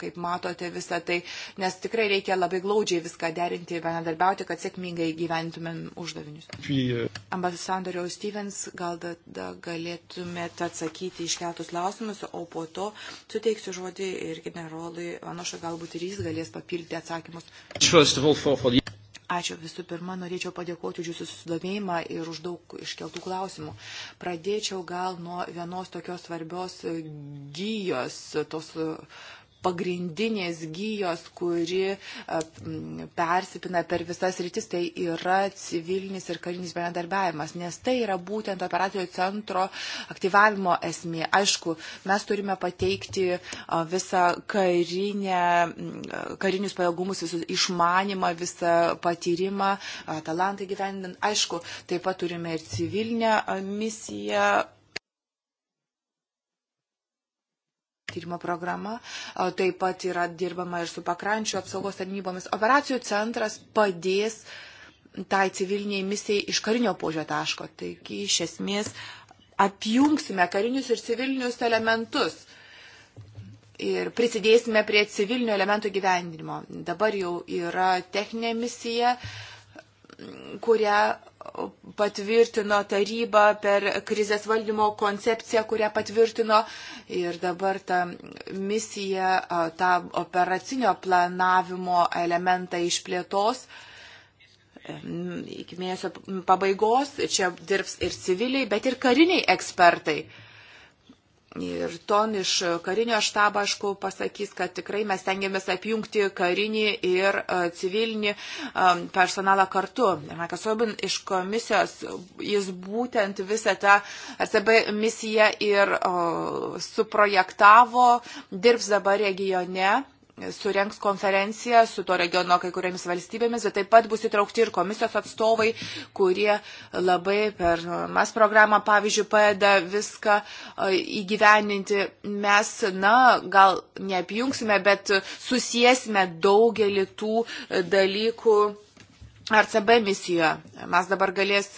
kaip matote visą tai, nes tikrai reikia labai glaudžiai viską derinti ir bendarbiauti, kad sėkmingai gyventumėm uždavinius. Euh, Ambasadoriau Stevens, gal tada galėtumėt atsakyti iškeltus klausimus, o po to suteiksiu žodį ir generolui Anošą, galbūt ir jis galės papildyti atsakymus. Ačiū visų pirma, norėčiau padėkoti už jūsų susidomėjimą ir už daug iškeltų klausimų. Pradėčiau gal nuo vienos tokios svarbios gyjos, tos pagrindinės gyjos, kuri e, persipina per visas rytis, tai yra civilinis ir karinis bendradarbiavimas, nes tai yra būtent operacijų centro aktyvavimo esmė. Aišku, mes turime pateikti e, visą karinę, karinius pajėgumus, visų išmanimą, visą patyrimą, e, talantai gyvendinant. Aišku, taip pat turime ir civilinę misiją skirimo programa. Taip pat yra dirbama ir su pakrančių apsaugos tarnybomis. Operacijų centras padės tai civiliniai misijai iš karinio požio taško. Taigi, iš esmės, apjungsime karinius ir civilinius elementus ir prisidėsime prie civilinio elementų gyvendinimo. Dabar jau yra techninė misija, kurią patvirtino taryba per krizės valdymo koncepciją, kurią patvirtino ir dabar ta misija, tą operacinio planavimo elementą išplėtos iki mėnesio pabaigos. Čia dirbs ir civiliai, bet ir kariniai ekspertai. Ir ton iš karinio štabo, aišku, pasakys, kad tikrai mes tengiamės apjungti karinį ir e, civilinį e, personalą kartu. Ir Makas Robin iš komisijos, jis būtent visą tą RCB misiją ir o, e, suprojektavo, dirbs dabar regione surenks konferenciją su to regiono kai kuriamis valstybėmis, bet taip pat bus įtraukti ir komisijos atstovai, kurie labai per mes programą, pavyzdžiui, padeda viską įgyveninti. Mes, na, gal neapjungsime, bet susijęsime daugelį tų dalykų RCB misijoje. Mes dabar galės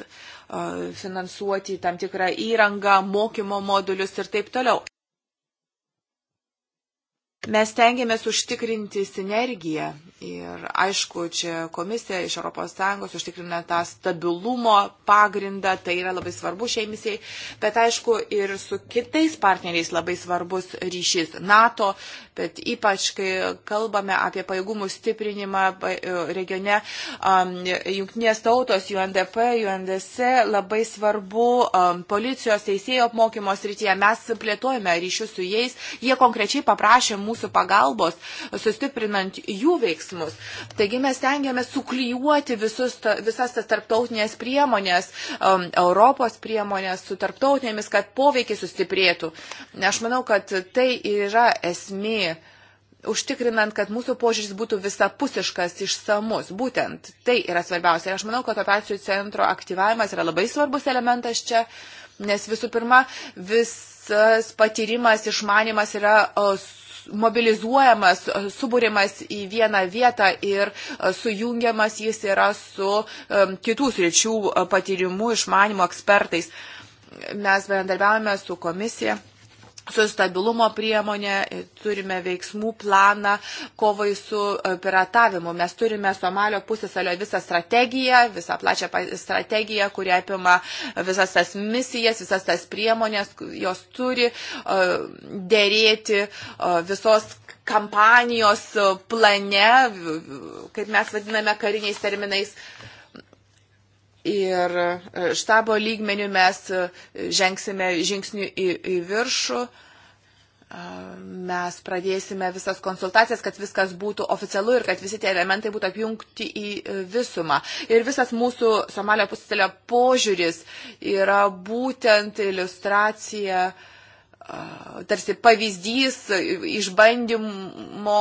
finansuoti tam tikrą įrangą, mokymo modulius ir taip toliau. Mes tengiamės užtikrinti sinergiją ir aišku, čia komisija iš ES užtikrina tą stabilumo pagrindą, tai yra labai svarbu šiai misijai, bet aišku ir su kitais partneriais labai svarbus ryšys NATO, bet ypač, kai kalbame apie pajėgumų stiprinimą regione, jungtinės tautos, UNDP, UNDC, labai svarbu policijos teisėjo apmokymos rytyje, mes plėtojame ryšius su jais, jie konkrečiai paprašė mūsų mūsų pagalbos, sustiprinant jų veiksmus. Taigi mes tengiamės suklyjuoti visus, ta, visas tas tarptautinės priemonės, um, Europos priemonės su tarptautinėmis, kad poveikiai sustiprėtų. Aš manau, kad tai yra esmė užtikrinant, kad mūsų požiūris būtų visapusiškas, išsamus. Būtent tai yra svarbiausia. Ir aš manau, kad operacijų centro aktyvavimas yra labai svarbus elementas čia, nes visų pirma, visas patyrimas, išmanimas yra mobilizuojamas, subūrimas į vieną vietą ir e, sujungiamas jis yra su e, kitų sričių e, patyrimu, išmanimu ekspertais. Mes bendarbiavame su komisija su stabilumo priemonė, e, turime veiksmų planą kovai su e, piratavimu. Mes turime Somalio pusėsalio visą strategiją, visą plačią strategiją, kuri apima visas tas misijas, visas tas priemonės, jos turi e, dėrėti visos kampanijos plane, kaip mes vadiname kariniais terminais Ir e, štabo lygmenių mes e, žengsime žingsnių į, į viršų. E, mes pradėsime visas konsultacijas, kad viskas būtų oficialu ir kad visi tie elementai būtų apjungti į visumą. Ir visas mūsų Somalio pusėlio požiūris yra būtent iliustracija uh, tarsi pavyzdys išbandymo,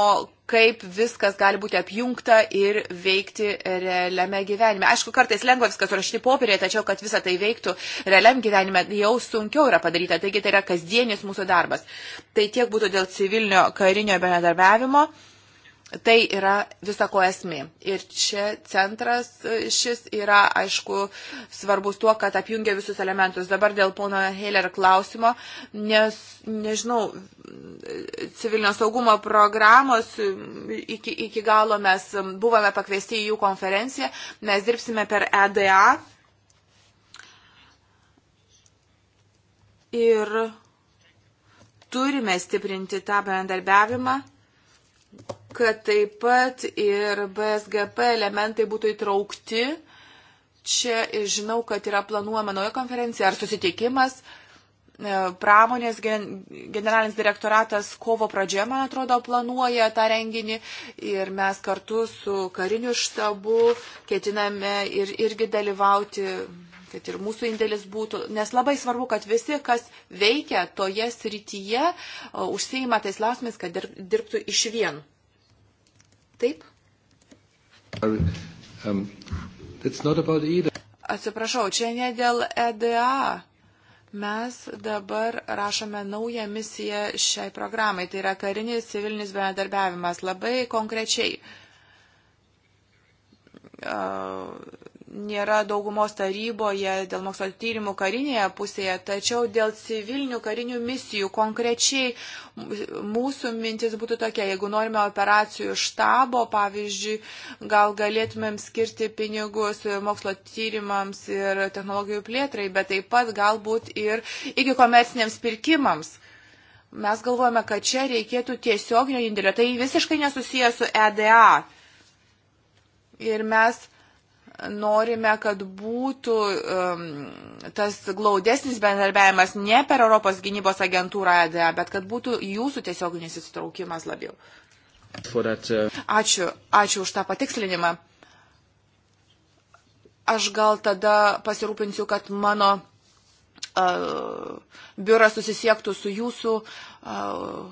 kaip viskas gali būti apjungta ir veikti realiame gyvenime. Aišku, kartais lengva viskas surašyti popierėje, tačiau, kad visa tai veiktų realiam gyvenime, jau sunkiau yra padaryta. Taigi tai yra kasdienis mūsų darbas. Tai tiek būtų dėl civilinio karinio bendradarbiavimo. Tai yra visako esmė. Ir čia centras šis yra, aišku, svarbus tuo, kad apjungia visus elementus. Dabar dėl pono Heller klausimo, nes, nežinau, civilinio saugumo programos iki, iki galo mes buvome pakviesti į jų konferenciją, mes dirbsime per EDA. Ir turime stiprinti tą bendarbiavimą kad taip pat ir BSGP elementai būtų įtraukti. Čia žinau, kad yra planuojama nauja konferencija ar susitikimas. E, pramonės gen, generalinis direktoratas kovo pradžioje, man atrodo, planuoja tą renginį ir mes kartu su kariniu štabu ketiname ir, irgi dalyvauti kad ir mūsų indėlis būtų, nes labai svarbu, kad visi, kas veikia toje srityje, e, užsieima tais lausmės, kad dirbtų iš vien. Taip? Um, e Atsiprašau, čia ne dėl EDA. Mes dabar rašome naują misiją šiai programai. Tai yra karinis civilinis bendradarbiavimas labai konkrečiai. Uh, nėra daugumos taryboje dėl mokslo tyrimų karinėje pusėje, tačiau dėl civilinių karinių misijų konkrečiai mūsų mintis būtų tokia, jeigu norime operacijų štabo, pavyzdžiui, gal galėtumėm skirti pinigus mokslo tyrimams ir technologijų plėtrai, bet taip pat galbūt ir iki komerciniams pirkimams mes galvojame, kad čia reikėtų tiesioginio indėlio. Tai visiškai nesusijęs su EDA. Ir mes norime, kad būtų um, tas glaudesnis bendarbiavimas ne per Europos gynybos agentūrą EDA, bet kad būtų jūsų tiesioginis įsitraukimas labiau. Uh, ačiū, ačiū už tą patikslinimą. Aš gal tada pasirūpinsiu, kad mano uh, biuras susisiektų su jūsų uh, Uh,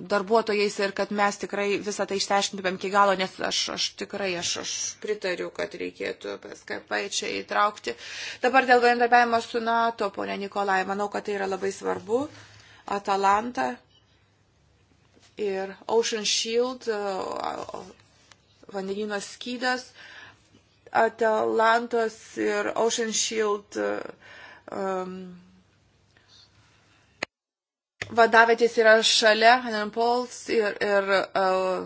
darbuotojais ir kad mes tikrai visą tai išteiškintumėm iki galo, nes aš, aš tikrai aš, aš pritariu, kad reikėtų PSKP čia įtraukti. Dabar dėl bendrabiavimo su NATO, ponė Nikolai, manau, kad tai yra labai svarbu. Atalanta ir Ocean Shield, uh, vandenino skydas, Atalantos ir Ocean Shield. Uh, um, Vadavietės yra šalia Hanenpols ir, ir uh,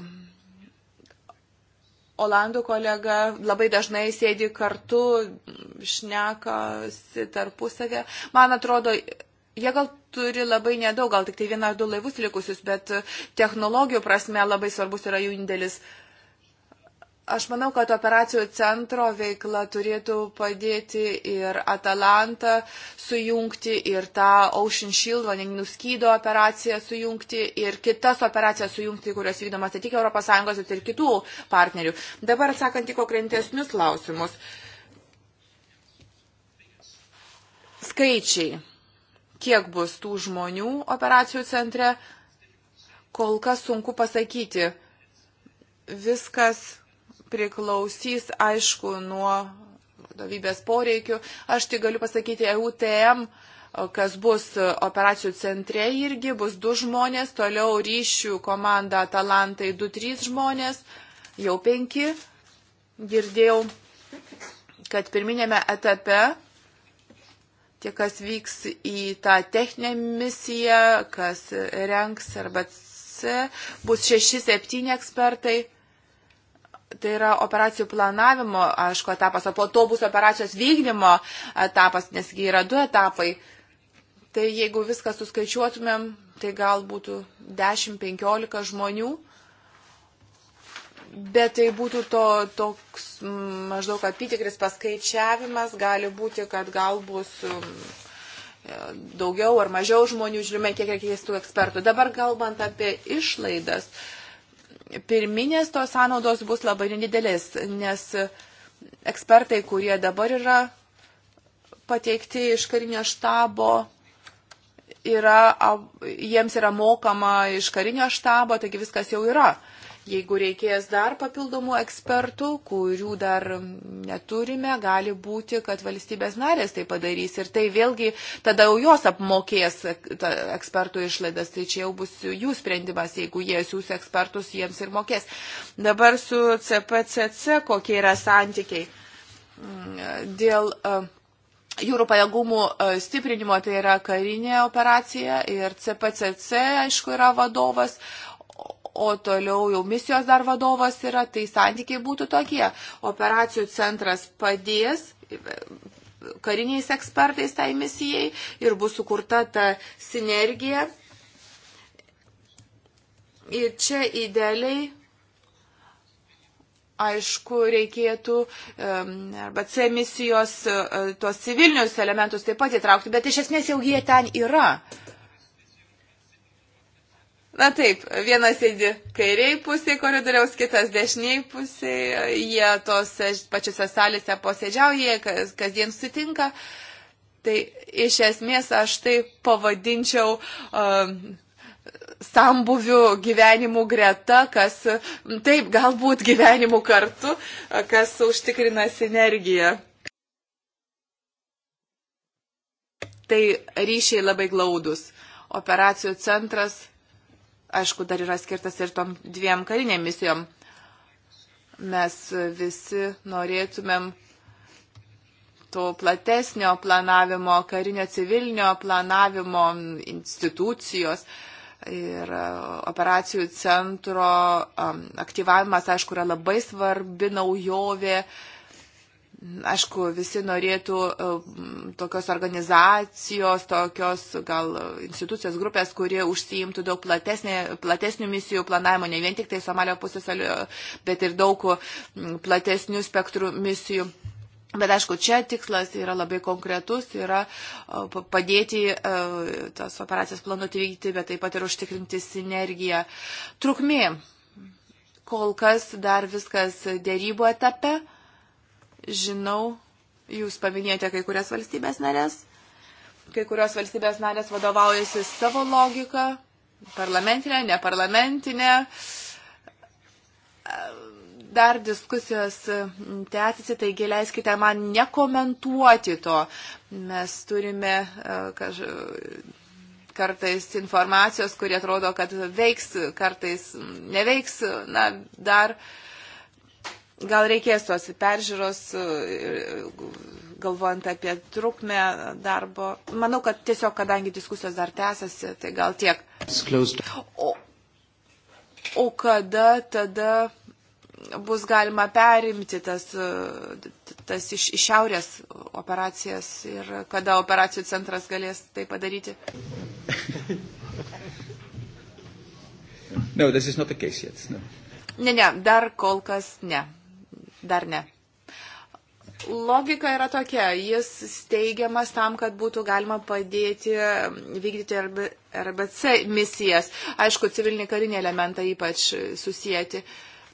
Olandų kolega labai dažnai sėdi kartu, šnekasi tarpusavę. Man atrodo, jie gal turi labai nedaug, gal tik tai vieną ar du laivus likusius, bet technologijų prasme labai svarbus yra jų indėlis. Uh, Aš manau, kad operacijų centro veikla turėtų padėti ir Atalantą sujungti, ir tą Ocean Shield, vandeninų skydo operaciją sujungti, ir kitas operacijas sujungti, kurios vykdomas ne tik ES, bet ir kitų partnerių. Dabar atsakant į konkrentesnius klausimus. Skaičiai. Kiek bus tų žmonių operacijų centre? Kol kas sunku pasakyti. Viskas priklausys, aišku, nuo vadovybės poreikių. Aš tik galiu pasakyti, EUTM, kas bus operacijų centre irgi, bus du žmonės, toliau ryšių komanda Atalantai 2-3 žmonės, jau penki. Girdėjau, kad pirminėme etape tie, kas vyks į tą techninę misiją, kas renks arba C, bus 6-7 ekspertai Tai yra operacijų planavimo, aišku, etapas, o po to bus operacijos vykdymo etapas, nes yra du etapai. Tai jeigu viską suskaičiuotumėm, tai gal būtų 10-15 žmonių, bet tai būtų to, toks mm, maždaug apytikris paskaičiavimas, gali būti, kad gal bus mm, daugiau ar mažiau žmonių, žiūrime, kiek reikės tų ekspertų. Dabar kalbant apie išlaidas, uh, pirminės tos sąnaudos bus labai nedidelės, nes ekspertai, kurie dabar yra pateikti iš karinio štabo, yra, jiems yra mokama iš karinio štabo, taigi viskas jau yra. Jeigu reikės dar papildomų ekspertų, kurių dar neturime, gali būti, kad valstybės narės tai padarys. Ir tai vėlgi tada jau jos apmokės ekspertų išlaidas. Tai čia jau bus jų sprendimas, jeigu jie siūs ekspertus, jiems ir mokės. Dabar su CPCC kokie yra santykiai. Mm, dėl e, jūrų pajėgumų e, stiprinimo tai yra karinė operacija ir CPCC, aišku, yra vadovas, o toliau jau misijos dar vadovas yra, tai santykiai būtų tokie. Operacijų centras padės kariniais ekspertais tai misijai ir bus sukurta ta sinergija. Ir čia idealiai aišku, reikėtų arba C misijos e, tuos civilinius elementus taip pat įtraukti, bet iš esmės jau jie ten yra. Na taip, vienas sėdi kairiai pusėje koridoriaus, kitas dešiniai pusėje, jie tos pačiose salėse posėdžiauja, kas, kasdien sutinka. Tai iš esmės aš tai pavadinčiau um, sambuvių gyvenimų greta, kas taip galbūt gyvenimų kartu, kas užtikrina sinergiją. Tai ryšiai labai glaudus. Operacijų centras aišku, dar yra skirtas ir tom dviem karinėm misijom. Mes visi norėtumėm to platesnio planavimo, karinio civilinio planavimo institucijos ir e, operacijų centro aktyvavimas, aišku, yra labai svarbi naujovė Aišku, visi norėtų e, tokios organizacijos, tokios gal institucijos grupės, kurie užsiimtų daug platesnė, platesnių misijų planavimo, ne vien tik tai Somalio pusėsalio, bet ir daug platesnių spektrų misijų. Bet aišku, čia tikslas yra labai konkretus, yra e, padėti e, tas operacijas planuoti vykdyti, bet taip pat ir užtikrinti sinergiją. Trukmė. Kol kas dar viskas dėrybų etape Žinau, jūs paminėjote kai kurias valstybės narės, kai kurios valstybės narės vadovaujasi savo logiką, parlamentinė, neparlamentinė. Dar diskusijos tęsiasi, taigi leiskite man nekomentuoti to. Mes turime e, kažkaip kartais informacijos, kurie atrodo, kad veiks, kartais neveiks, na, dar uh, Gal reikės tos peržiūros, e, galvojant apie trukmę darbo. Manau, kad tiesiog, kadangi diskusijos dar tęsiasi, tai gal tiek. O, o kada tada bus galima perimti tas, e, tas iš, iš šiaurės operacijas ir kada operacijų centras galės tai padaryti? no, this is not the case yet. No. Ne, ne, dar kol kas ne. Dar ne. Logika yra tokia, jis steigiamas tam, kad būtų galima padėti um, vykdyti RBC misijas. Aišku, civilinį karinį elementą ypač susijęti.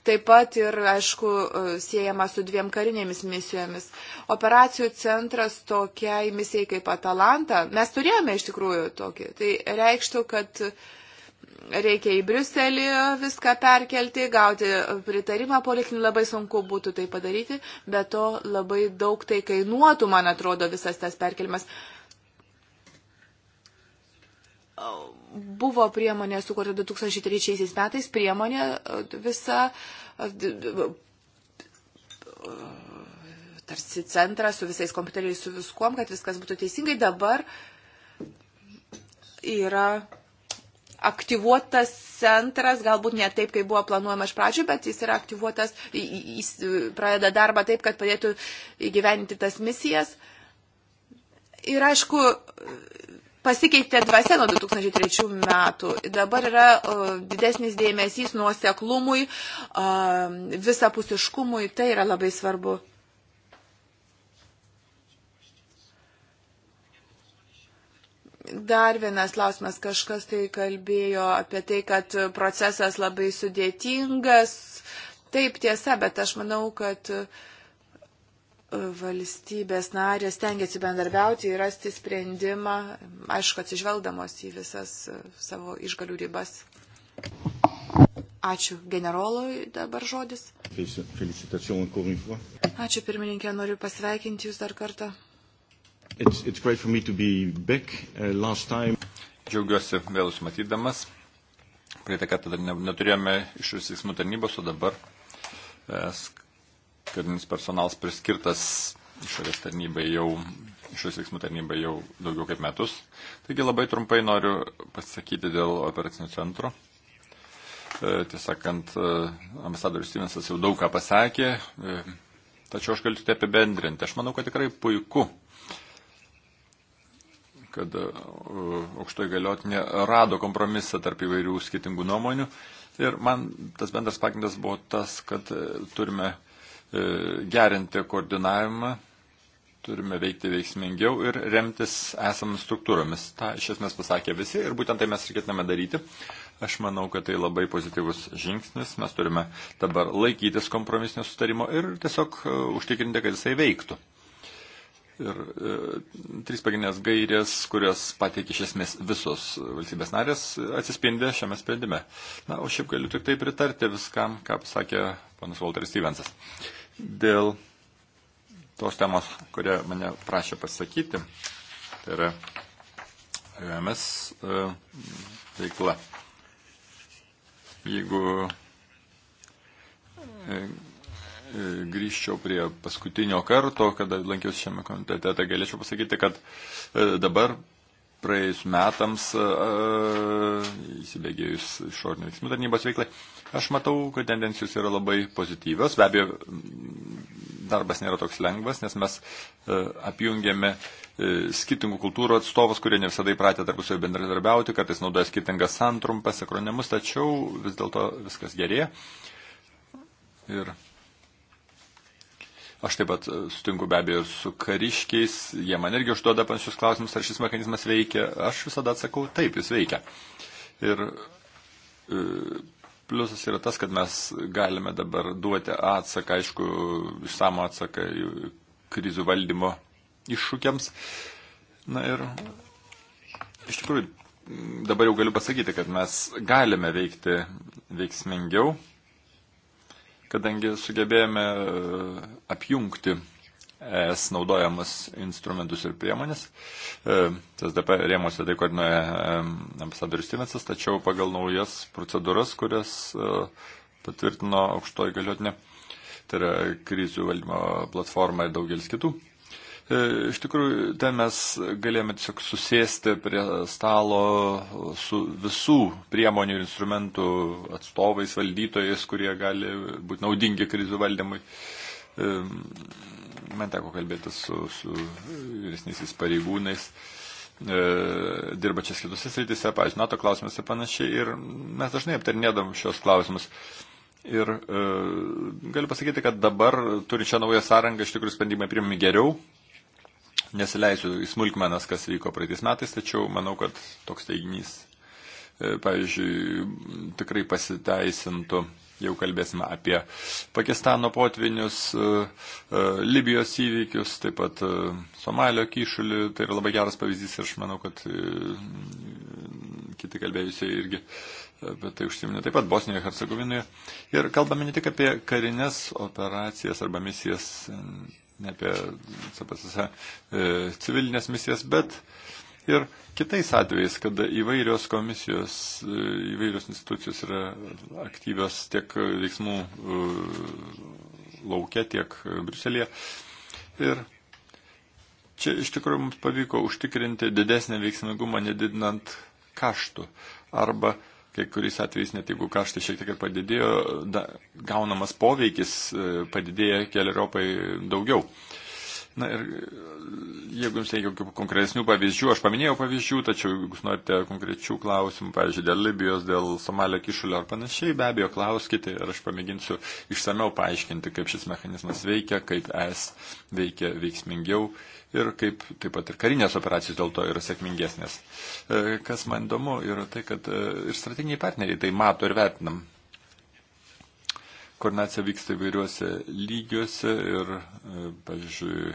Taip pat ir, aišku, uh, siejama su dviem karinėmis misijomis. Operacijų centras tokiai misijai kaip Atalanta, mes turėjome iš tikrųjų tokį, tai reikštų, kad uh, reikia į Briuselį viską perkelti, gauti pritarimą politinį labai sunku būtų tai padaryti, bet to labai daug tai kainuotų, man atrodo, visas tas perkelimas. Buvo priemonė sukurta 2003 metais, priemonė uh, visa uh, uh, tarsi centras su visais kompiuteriais, su viskuom, kad viskas būtų teisingai. Dabar yra aktyvuotas centras, galbūt ne taip, kaip buvo planuojama iš pradžių, bet jis yra aktyvuotas, jis e, pradeda darbą taip, kad padėtų įgyveninti tas misijas. Ir aišku, pasikeitė dvasia nuo 2003 metų. Dabar yra uh, didesnis dėmesys nuoseklumui, uh, visapusiškumui, tai yra labai svarbu. Dar vienas klausimas, kažkas tai kalbėjo apie tai, kad procesas labai sudėtingas. Taip tiesa, bet aš manau, kad e, valstybės narės tengiasi bendarbiauti ir rasti sprendimą, aišku, atsižvelgdamos į visas e, savo išgalių ribas. Ačiū generolui dabar žodis. Ačiū pirmininkė, noriu pasveikinti Jūs dar kartą. It's, it's great for me to be back uh, last time. Džiaugiuosi vėl jūs matydamas. Praeitą kartą dar ne, neturėjome iš veiksmų tarnybos, o dabar es, karinis personalas priskirtas išorės tarnybai jau, išorės veiksmų tarnybai jau daugiau kaip metus. Taigi labai trumpai noriu pasakyti dėl operacinių centrų. E, Tiesąkant, e, ambasadorius Stevensas jau daug ką pasakė, e, tačiau aš galiu tai apibendrinti. Aš manau, kad tikrai puiku kad e, aukštai galiotinė rado kompromisą tarp įvairių skirtingų nuomonių. Tai ir man tas bendras pagrindas buvo tas, kad e, turime e, gerinti koordinavimą, turime veikti veiksmingiau ir remtis esamomis struktūromis. Ta iš esmės pasakė visi ir būtent tai mes ir ketiname daryti. Aš manau, kad tai labai pozityvus žingsnis. Mes turime dabar laikytis kompromisinio sustarimo ir tiesiog užtikrinti, kad jisai veiktų ir e, trys pagrindinės gairės, kurios pateikė iš esmės visos valstybės narės, atsispindė šiame sprendime. Na, o šiaip galiu tik tai pritarti viskam, ką pasakė panas Walteris Stevensas. Dėl tos temos, kurią mane prašė pasakyti, tai yra RMS e, e, veikla. Jeigu e, E, grįžčiau prie paskutinio karto, kada lankiausi šiame komitete, tai galėčiau pasakyti, kad e, dabar praėjus metams e, įsibėgėjus išorinių veiksmų tarnybos veiklai, aš matau, kad tendencijos yra labai pozityvios. Be abejo, darbas nėra toks lengvas, nes mes apjungėme skirtingų kultūrų atstovus, kurie ne visada įpratę tarpusavio bendradarbiauti, kartais naudoja skirtingas santrumpas, akronimus, tačiau vis dėlto viskas gerėja. Ir Aš taip pat e, sutinku be abejo ir su kariškiais, jie man irgi užduoda panašius klausimus, ar šis mechanizmas veikia. Aš visada atsakau, taip, jis veikia. Ir e, pliusas yra tas, kad mes galime dabar duoti atsaką, aišku, išsamą atsaką krizių valdymo iššūkiams. Na ir iš tikrųjų dabar jau galiu pasakyti, kad mes galime veikti veiksmingiau kadangi sugebėjome e, apjungti ES naudojamas instrumentus ir priemonės. CSDP e, rėmose tai koordinuoja e, ambasadorius Timensas, tačiau pagal naujas procedūras, kurias patvirtino aukštoji galiotinė, tai yra krizių valdymo platforma ir daugelis kitų. E, iš tikrųjų, ten mes galėjome tiesiog susėsti prie stalo su visų priemonių ir instrumentų atstovais, valdytojais, kurie gali būti naudingi krizių valdymui. E, man teko kalbėti su, su vyresniais pareigūnais e, dirba čia kitose srityse, pavyzdžiui, NATO klausimas ir panašiai. Ir mes dažnai aptarnėdam šios klausimus. Ir e, galiu pasakyti, kad dabar, turint šią naują sąrangą, iš tikrųjų sprendimai priimami geriau, Nesileisiu į smulkmenas, kas vyko praeitais metais, tačiau manau, kad toks teiginys, e, pavyzdžiui, tikrai pasiteisintų. Jau kalbėsime apie Pakistano potvinius, e, e, Libijos įvykius, taip pat Somalio kyšulį. Tai yra labai geras pavyzdys ir aš manau, kad kiti kalbėjusiai irgi apie tai užsiminė taip pat Bosnijoje, Hercegovinoje. Ir kalbame ne tik apie karinės operacijas arba misijas ne apie CPSS e, civilinės misijas, bet ir kitais atvejais, kada įvairios komisijos, e, įvairios institucijos yra aktyvios tiek veiksmų e, laukia, tiek Briuselėje. Ir čia iš tikrųjų mums pavyko užtikrinti didesnį veiksmingumą, nedidinant kaštų. Arba kai kuriais atvejais, net jeigu kaštai šiek tiek ir padidėjo, da, gaunamas poveikis e, padidėja keliopai daugiau. E, Na ir jeigu jums reikia kokių konkrečių pavyzdžių, aš paminėjau pavyzdžių, tačiau jeigu jūs norite konkrečių klausimų, pavyzdžiui, dėl Libijos, dėl Somalio kišulio ar panašiai, be abejo, klauskite ir aš pamėginsiu išsameu paaiškinti, kaip šis mechanizmas veikia, kaip es veikia veiksmingiau ir kaip taip pat ir karinės operacijos dėl to yra sėkmingesnės. E, kas man įdomu yra tai, kad e, ir strateginiai partneriai tai mato ir vertinam. Koordinacija vyksta įvairiuose lygiuose ir, e, pavyzdžiui,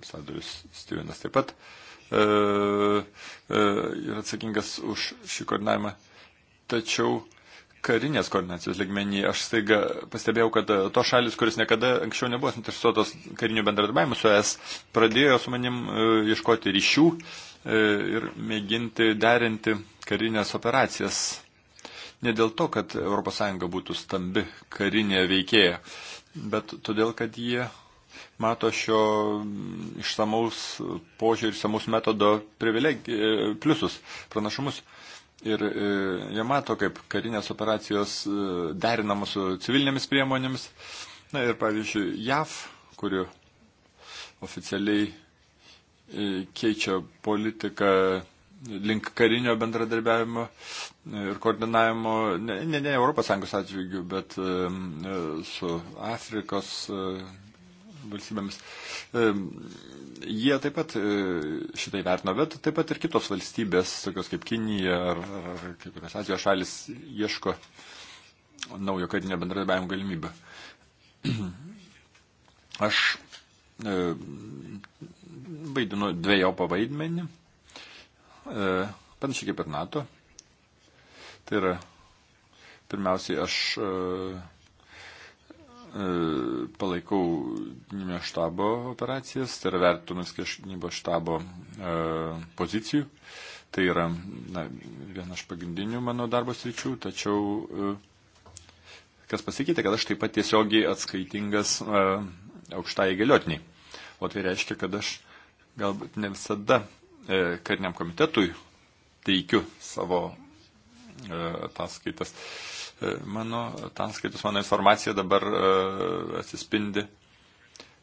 ambasadorius Stevenas taip pat e, e, yra atsakingas už šį koordinavimą. Tačiau karinės koordinacijos ligmenyje aš staiga pastebėjau, kad e, to šalis, kuris niekada anksčiau nebuvo interesuotos karinių bendradarbiavimų su ES, pradėjo su manim e, ieškoti ryšių e, ir mėginti derinti karinės operacijas. Ne dėl to, kad ES būtų stambi karinė veikėja, bet todėl, kad jie mato šio išsamaus požiūrį, išsamaus metodo pliusus, pranašumus. Ir e, jie mato, kaip karinės operacijos e, derinamos su civilinėmis priemonėmis. Na ir pavyzdžiui, JAV, kuri oficialiai e, keičia politiką link karinio bendradarbiavimo ir koordinavimo, ne, ne, ne Europos Sąjungos atžvilgių, bet su Afrikos valstybėmis. Jie taip pat e, šitai vertino, bet taip pat ir kitos valstybės, tokios kaip Kinija ar, ar kai kurios Azijos šalis, ieško naujo karinio bendradarbiavimo galimybę. Aš e, vaidinu dviejopą vaidmenį, e, panašiai kaip ir NATO. Tai yra, pirmiausiai, aš e, E, palaikau gynybinio štabo operacijas, tai yra vertinamas gynybos štabo e, pozicijų. Tai yra na, viena iš pagrindinių mano darbo sričių, tačiau e, kas pasikeitė, kad aš taip pat tiesiogiai atskaitingas aukštai galiotiniai. O tai reiškia, kad aš galbūt ne visada kariniam komitetui teikiu savo ataskaitas. E, E, mano ataskaitos, mano informacija dabar e, atsispindi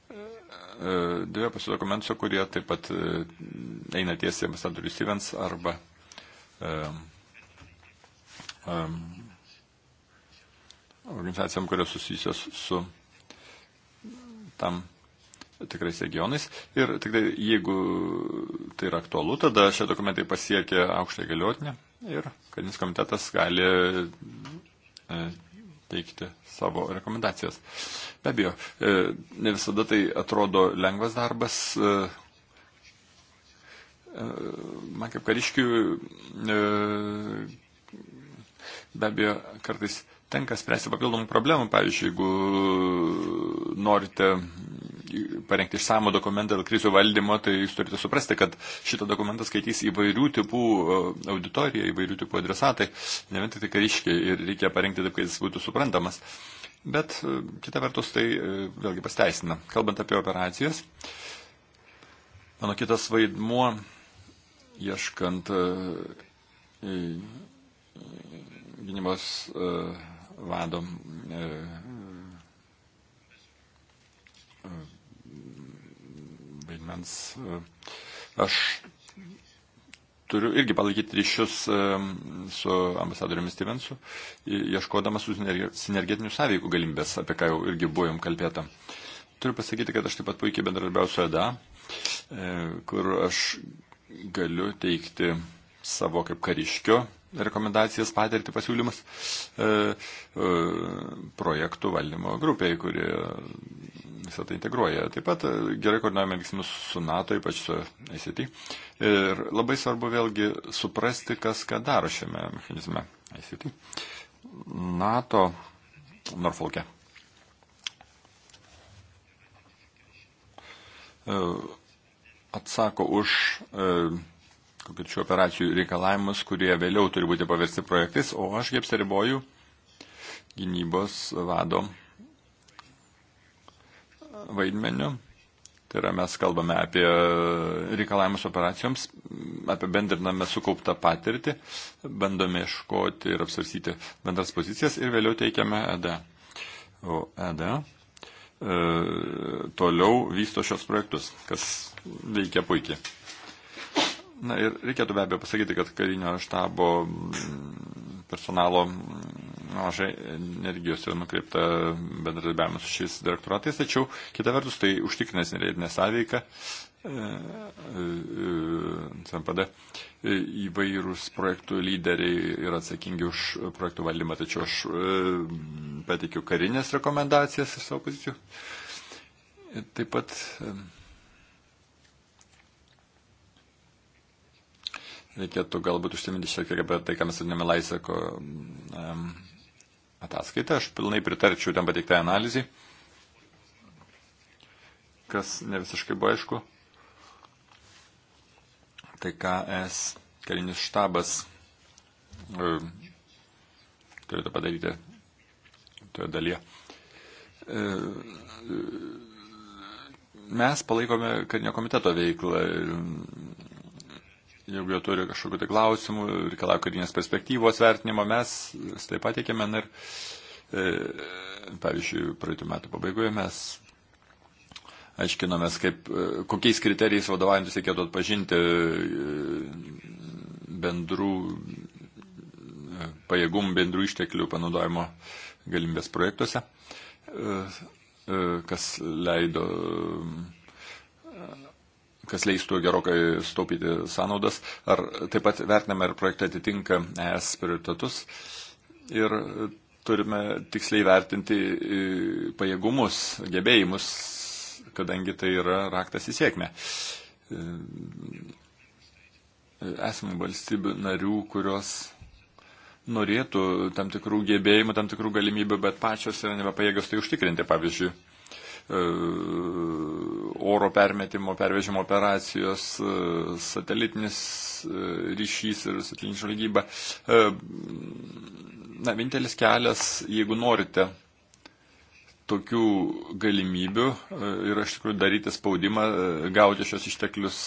e, dviejopose dokumentuose, kurie taip pat eina tiesiai ambasadorius Stevens arba um, um, organizacijom, kurios susijusios su tam tikrais regionais. Ir tik tai, jeigu tai yra aktualu, tada šie dokumentai pasiekia aukštą galiotinę ir karinis komitetas gali E, teikti savo rekomendacijas. Be abejo, e, ne visada tai atrodo lengvas darbas. E, man kaip kariškių be abejo kartais tenka spręsti papildomų problemų. Pavyzdžiui, jeigu norite parengti išsamų dokumentą dėl krizių valdymo, tai jūs turite suprasti, kad šitą dokumentą skaitys įvairių tipų e, auditorija, įvairių tipų adresatai, ne vien tik tai kariškiai ir reikia parengti taip, kad jis būtų suprantamas. Bet e, kita vertus tai e, vėlgi pasteisina. Kalbant apie operacijas, mano kitas vaidmuo, ieškant gynybos vado ligmens. Aš turiu irgi palaikyti ryšius su ambasadoriumi Stevensu, ieškodamas sinergetinių sąveikų galimybės, apie ką jau irgi buvom kalbėta. Turiu pasakyti, kad aš taip pat puikiai bendradarbiauju su EDA, e, kur aš galiu teikti savo kaip kariškio rekomendacijas, patirtį, pasiūlymus e, e, projektų valdymo grupiai, kurie visą tai integruoja. Taip pat e, gerai koordinuojame veiksmus su NATO, ypač su ICT. Ir labai svarbu vėlgi suprasti, kas ką daro šiame mechanizme ICT. NATO Norfolke. E, atsako už e, konkrečių operacijų reikalavimus, kurie vėliau turi būti paversti projektais, o aš kaip sariboju gynybos vado vaidmeniu. Tai yra mes kalbame apie reikalavimus operacijoms, apibendriname sukauptą patirtį, bandome iškoti ir apsvarsyti bendras pozicijas ir vėliau teikiame ED. O ED e, toliau vysto šios projektus, kas veikia puikiai. Na ir reikėtų be abejo pasakyti, kad karinio štabo personalo nemažai energijos yra nukreipta bendradarbiavimas su šiais direktoratais, tačiau kita vertus tai užtikrina sinerginę sąveiką. E, e, CMPD įvairūs projektų lyderiai yra atsakingi už projektų valdymą, tačiau aš e, pateikiu karinės rekomendacijas iš savo pozicijų. Taip pat reikėtų galbūt užsiminti šiek tiek apie tai, ką mes vadiname laisvę um, ataskaitą. Aš pilnai pritarčiau ten pateiktai analizai, kas ne visiškai buvo aišku. Tai KS karinis štabas e, turėtų padaryti toje dalyje. E, e, mes palaikome karinio komiteto veiklą jeigu jau turi kažkokiu tai klausimu, reikalauja karinės perspektyvos vertinimo, mes tai pateikėme ir, e, pavyzdžiui, praeitų metų pabaigoje mes aiškinomės, kaip, e, kokiais kriterijais vadovaujantis reikėtų atpažinti e, bendrų e, pajėgumų, bendrų išteklių panaudojimo galimybės projektuose, kas leido kas leistų gerokai staupyti sąnaudas. Ar taip pat vertiname, ar projektai atitinka ES prioritetus. Ir turime tiksliai vertinti e, pajėgumus, gebėjimus, kadangi tai yra raktas į sėkmę. E, esame valstybių narių, kurios norėtų tam tikrų gebėjimų, tam tikrų galimybių, bet pačios yra nebepajėgios tai užtikrinti. Pavyzdžiui, E, oro permetimo, pervežimo operacijos, e, satelitinis e, ryšys ir satelitinė žvalgyba. Na, vienintelis kelias, jeigu norite tokių galimybių ir aš tikrųjų daryti spaudimą, gauti šios išteklius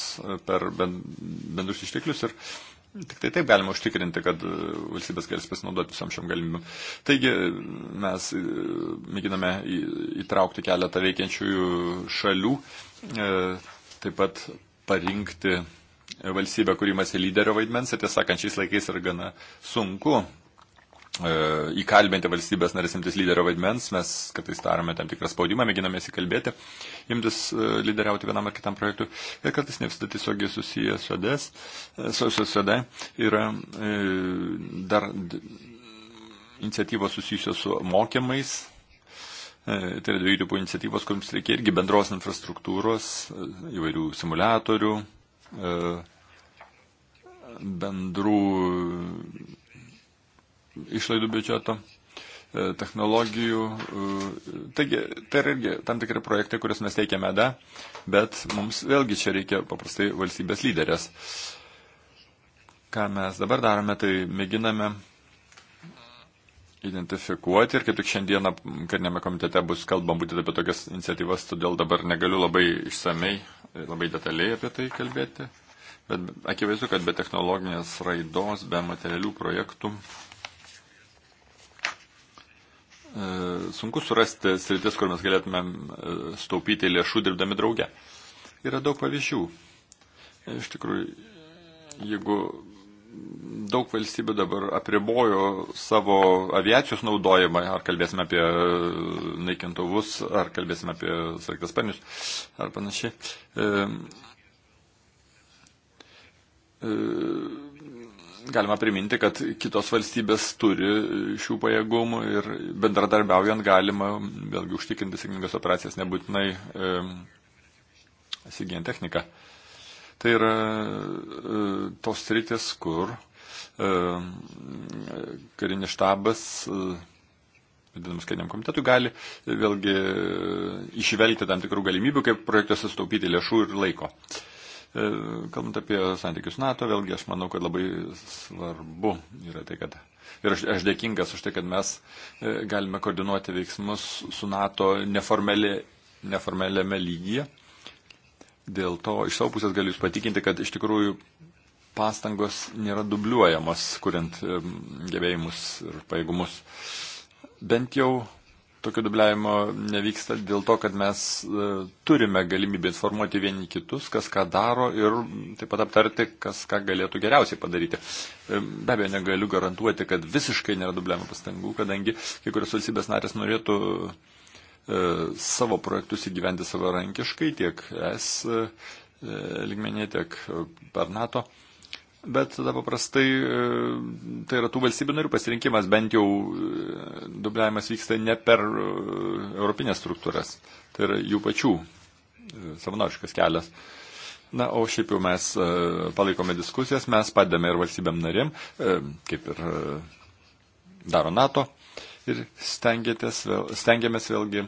per bendrus išteklius ir uh, Tik tai taip galima užtikrinti, kad e, valstybės galės pasinaudoti visam šiam galimybėm. Taigi mes e, mėginame įtraukti keletą veikiančiųjų šalių, e, taip pat parinkti valstybę, kurį mes į lyderio vaidmens, ir tiesąkant šiais laikais yra gana sunku E, įkalbinti valstybės narės imtis lyderio vaidmens, mes kartais darome tam tikrą spaudimą, mėginame įsikalbėti, imtis e, lyderiauti vienam ar kitam projektui ir kartais ne visada tiesiogiai susiję su ADS, e, su, su SAD yra dar iniciatyvos susijusios su mokymais, tai yra dviejų tipų iniciatyvos, kuriams reikia irgi bendros infrastruktūros, įvairių simuliatorių, bendrų išlaidų biudžeto, e, technologijų. E, taigi, tai yra irgi tam tikri projektai, kuriuos mes teikiame da, bet mums vėlgi čia reikia paprastai valstybės lyderės. Ką mes dabar darome, tai mėginame identifikuoti ir kaip tik šiandieną karinėme komitete bus kalbam būtent apie tokias iniciatyvas, todėl dabar negaliu labai išsamei, labai detaliai apie tai kalbėti. Bet akivaizdu, kad be technologinės raidos, be materialių projektų E, sunku surasti sritis, kur mes galėtumėm e, staupyti lėšų dirbdami drauge. Yra daug pavyzdžių. E, iš tikrųjų, jeigu daug valstybių dabar apribojo savo aviacijos naudojimą, ar kalbėsime apie naikintuvus, ar kalbėsime apie sraigtasparnius, ar panašiai. E, e, galima priminti, kad kitos valstybės turi šių pajėgumų ir bendradarbiaujant galima vėlgi užtikrinti sėkmingas operacijas, nebūtinai e, įsigijant techniką. Tai yra e, tos rytis, kur e, karinis štabas. E, Vidinams kariniam komitetui gali vėlgi e, išvelgti tam tikrų galimybių, kaip projektuose sutaupyti lėšų ir laiko. Uh, E, kalbant apie santykius NATO, vėlgi aš manau, kad labai svarbu yra tai, kad. Ir aš, aš dėkingas už tai, kad mes e, galime koordinuoti veiksmus su NATO neformali, neformaliame lygyje. Dėl to iš savo pusės galiu Jūs patikinti, kad iš tikrųjų pastangos nėra dubliuojamos, kuriant e, gebėjimus ir paėgumus. Bent jau tokio dubliavimo nevyksta dėl to, kad mes e, turime galimybę informuoti vieni kitus, kas ką daro ir taip pat aptarti, kas ką galėtų geriausiai padaryti. E, be abejo, negaliu garantuoti, kad visiškai nėra dubliavimo pastangų, kadangi kai kurios valstybės narės norėtų e, savo projektus įgyventi savarankiškai tiek es e, lygmenė, tiek per NATO. E, Bet tada paprastai e, tai yra tų valstybių narių pasirinkimas, bent jau e, dubliavimas vyksta ne per e, europinės struktūras, tai yra jų pačių savanoriškas kelias. Na, o šiaip jau mes palaikome diskusijas, mes padame ir valstybėm narim, kaip ir daro NATO, ir stengiamės vėlgi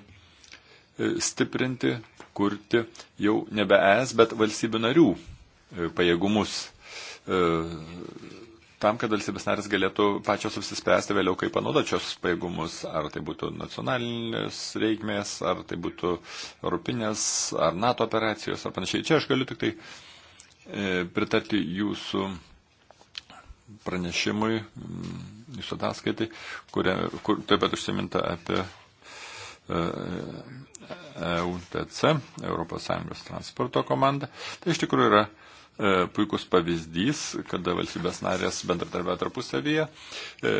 stiprinti, kurti jau nebe es, bet valstybių narių pajėgumus E, tam, kad valstybės narės galėtų pačios apsispręsti vėliau, kaip panaudočios pajėgumus, ar tai būtų nacionalinės reikmės, ar tai būtų europinės, ar NATO operacijos, ar panašiai. Čia aš galiu tik tai e, pritarti jūsų pranešimui, mm, jūsų ataskaitai, kur taip pat užsiminta apie e, E UTC, ES transporto komanda. Tai iš tikrųjų yra e, puikus pavyzdys, kada valstybės narės bendradarbiavo tarpusavyje. E,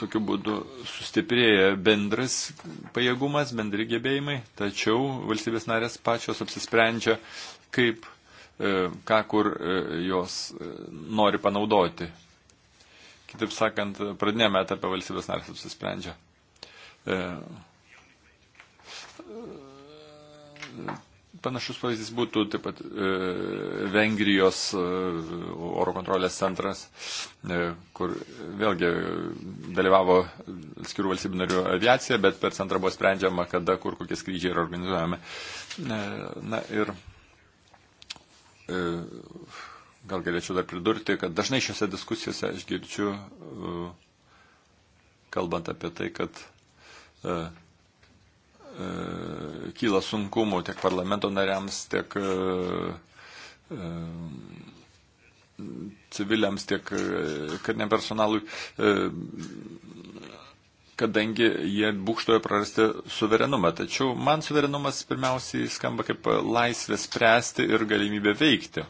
tokiu būdu sustiprėja bendras pajėgumas, bendri gebėjimai, tačiau valstybės narės pačios apsisprendžia, kaip, ką kur jos nori panaudoti. Kitaip sakant, pradinėme etape valstybės narės apsisprendžia. Panašus pavyzdys būtų taip pat e, Vengrijos e, oro kontrolės centras, e, kur vėlgi dalyvavo skirų valstybių narių aviacija, bet per centrą buvo sprendžiama, kada, kur kokie skrydžiai yra organizuojami. E, na ir e, gal galėčiau dar pridurti, kad dažnai šiuose diskusijose aš girdžiu, e, kalbant apie tai, kad e, kyla sunkumų tiek parlamento nariams, tiek e, e, civiliams, tiek e, kariniam personalui, kadangi jie būkštoja prarasti suverenumą. Tačiau man suverenumas pirmiausiai skamba kaip laisvė spręsti ir galimybė veikti.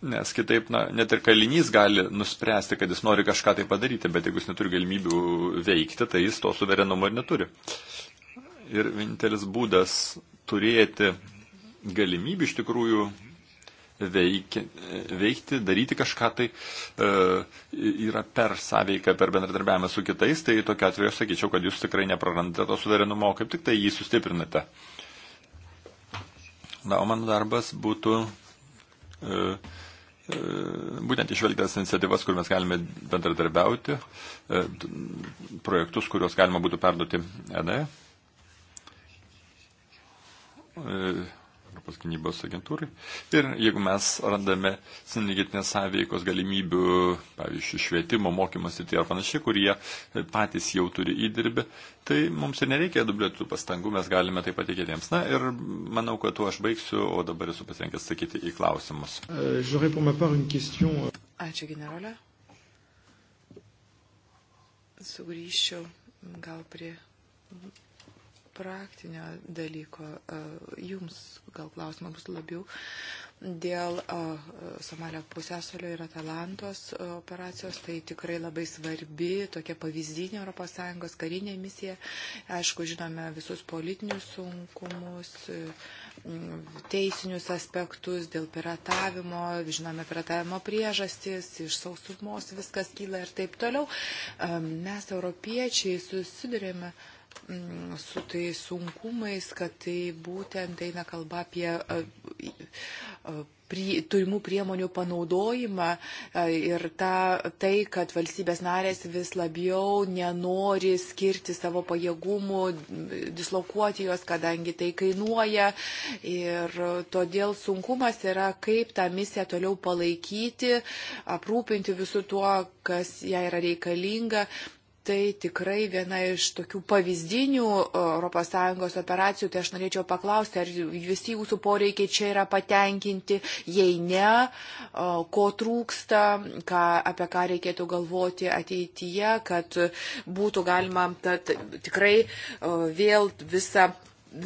Nes kitaip, na, net ir kalinys gali nuspręsti, kad jis nori kažką tai padaryti, bet jeigu jis neturi galimybių veikti, tai jis to suverenumo ir neturi. Ir vienintelis būdas turėti galimybę iš tikrųjų veikti, veikti daryti kažką tai e, yra per sąveiką, per bendradarbiavimą su kitais, tai tokia atveju aš sakyčiau, kad jūs tikrai neprarandate to suverenumo, kaip tik tai jį sustiprinate. Na, o mano darbas būtų e, būtent išvelgtas iniciatyvas, kur mes galime bendradarbiauti, e, projektus, kuriuos galima būtų perduoti EDE Europos gynybos agentūrai. Ir jeigu mes randame sinergetinės sąveikos galimybių, pavyzdžiui, švietimo, mokymosi tai ar panašiai, kurie patys jau turi įdirbį, tai mums ir nereikia dublėtų pastangų, mes galime tai patikėti jiems. Na ir manau, kad tuo aš baigsiu, o dabar esu pasirinkęs sakyti į klausimus. Euh, euh. Ačiū, generolė. Sugrįšiu gal prie praktinio dalyko. Jums gal klausimą bus labiau dėl Somalio pusėsolio ir Atalantos operacijos. Tai tikrai labai svarbi tokia pavyzdinė ES karinė misija. Aišku, žinome visus politinius sunkumus, teisinius aspektus dėl piratavimo, žinome piratavimo priežastis, iš sausumos viskas kyla ir taip toliau. Mes, europiečiai, susidurėme Mm, su tai sunkumais, kad tai būtent eina kalba apie prie, turimų priemonių panaudojimą ir ta, tai, kad valstybės narės vis labiau nenori skirti savo pajėgumų, dislokuoti juos, kadangi tai kainuoja. Ir todėl sunkumas yra, kaip tą misiją toliau palaikyti, aprūpinti visų tuo, kas ją yra reikalinga tai tikrai viena iš tokių pavyzdinių e, ES operacijų, tai aš norėčiau paklausti, ar visi jūsų poreikiai čia yra patenkinti, jei ne, e, ko trūksta, ką, apie ką reikėtų galvoti ateityje, kad būtų galima tad, tikrai e, vėl visą,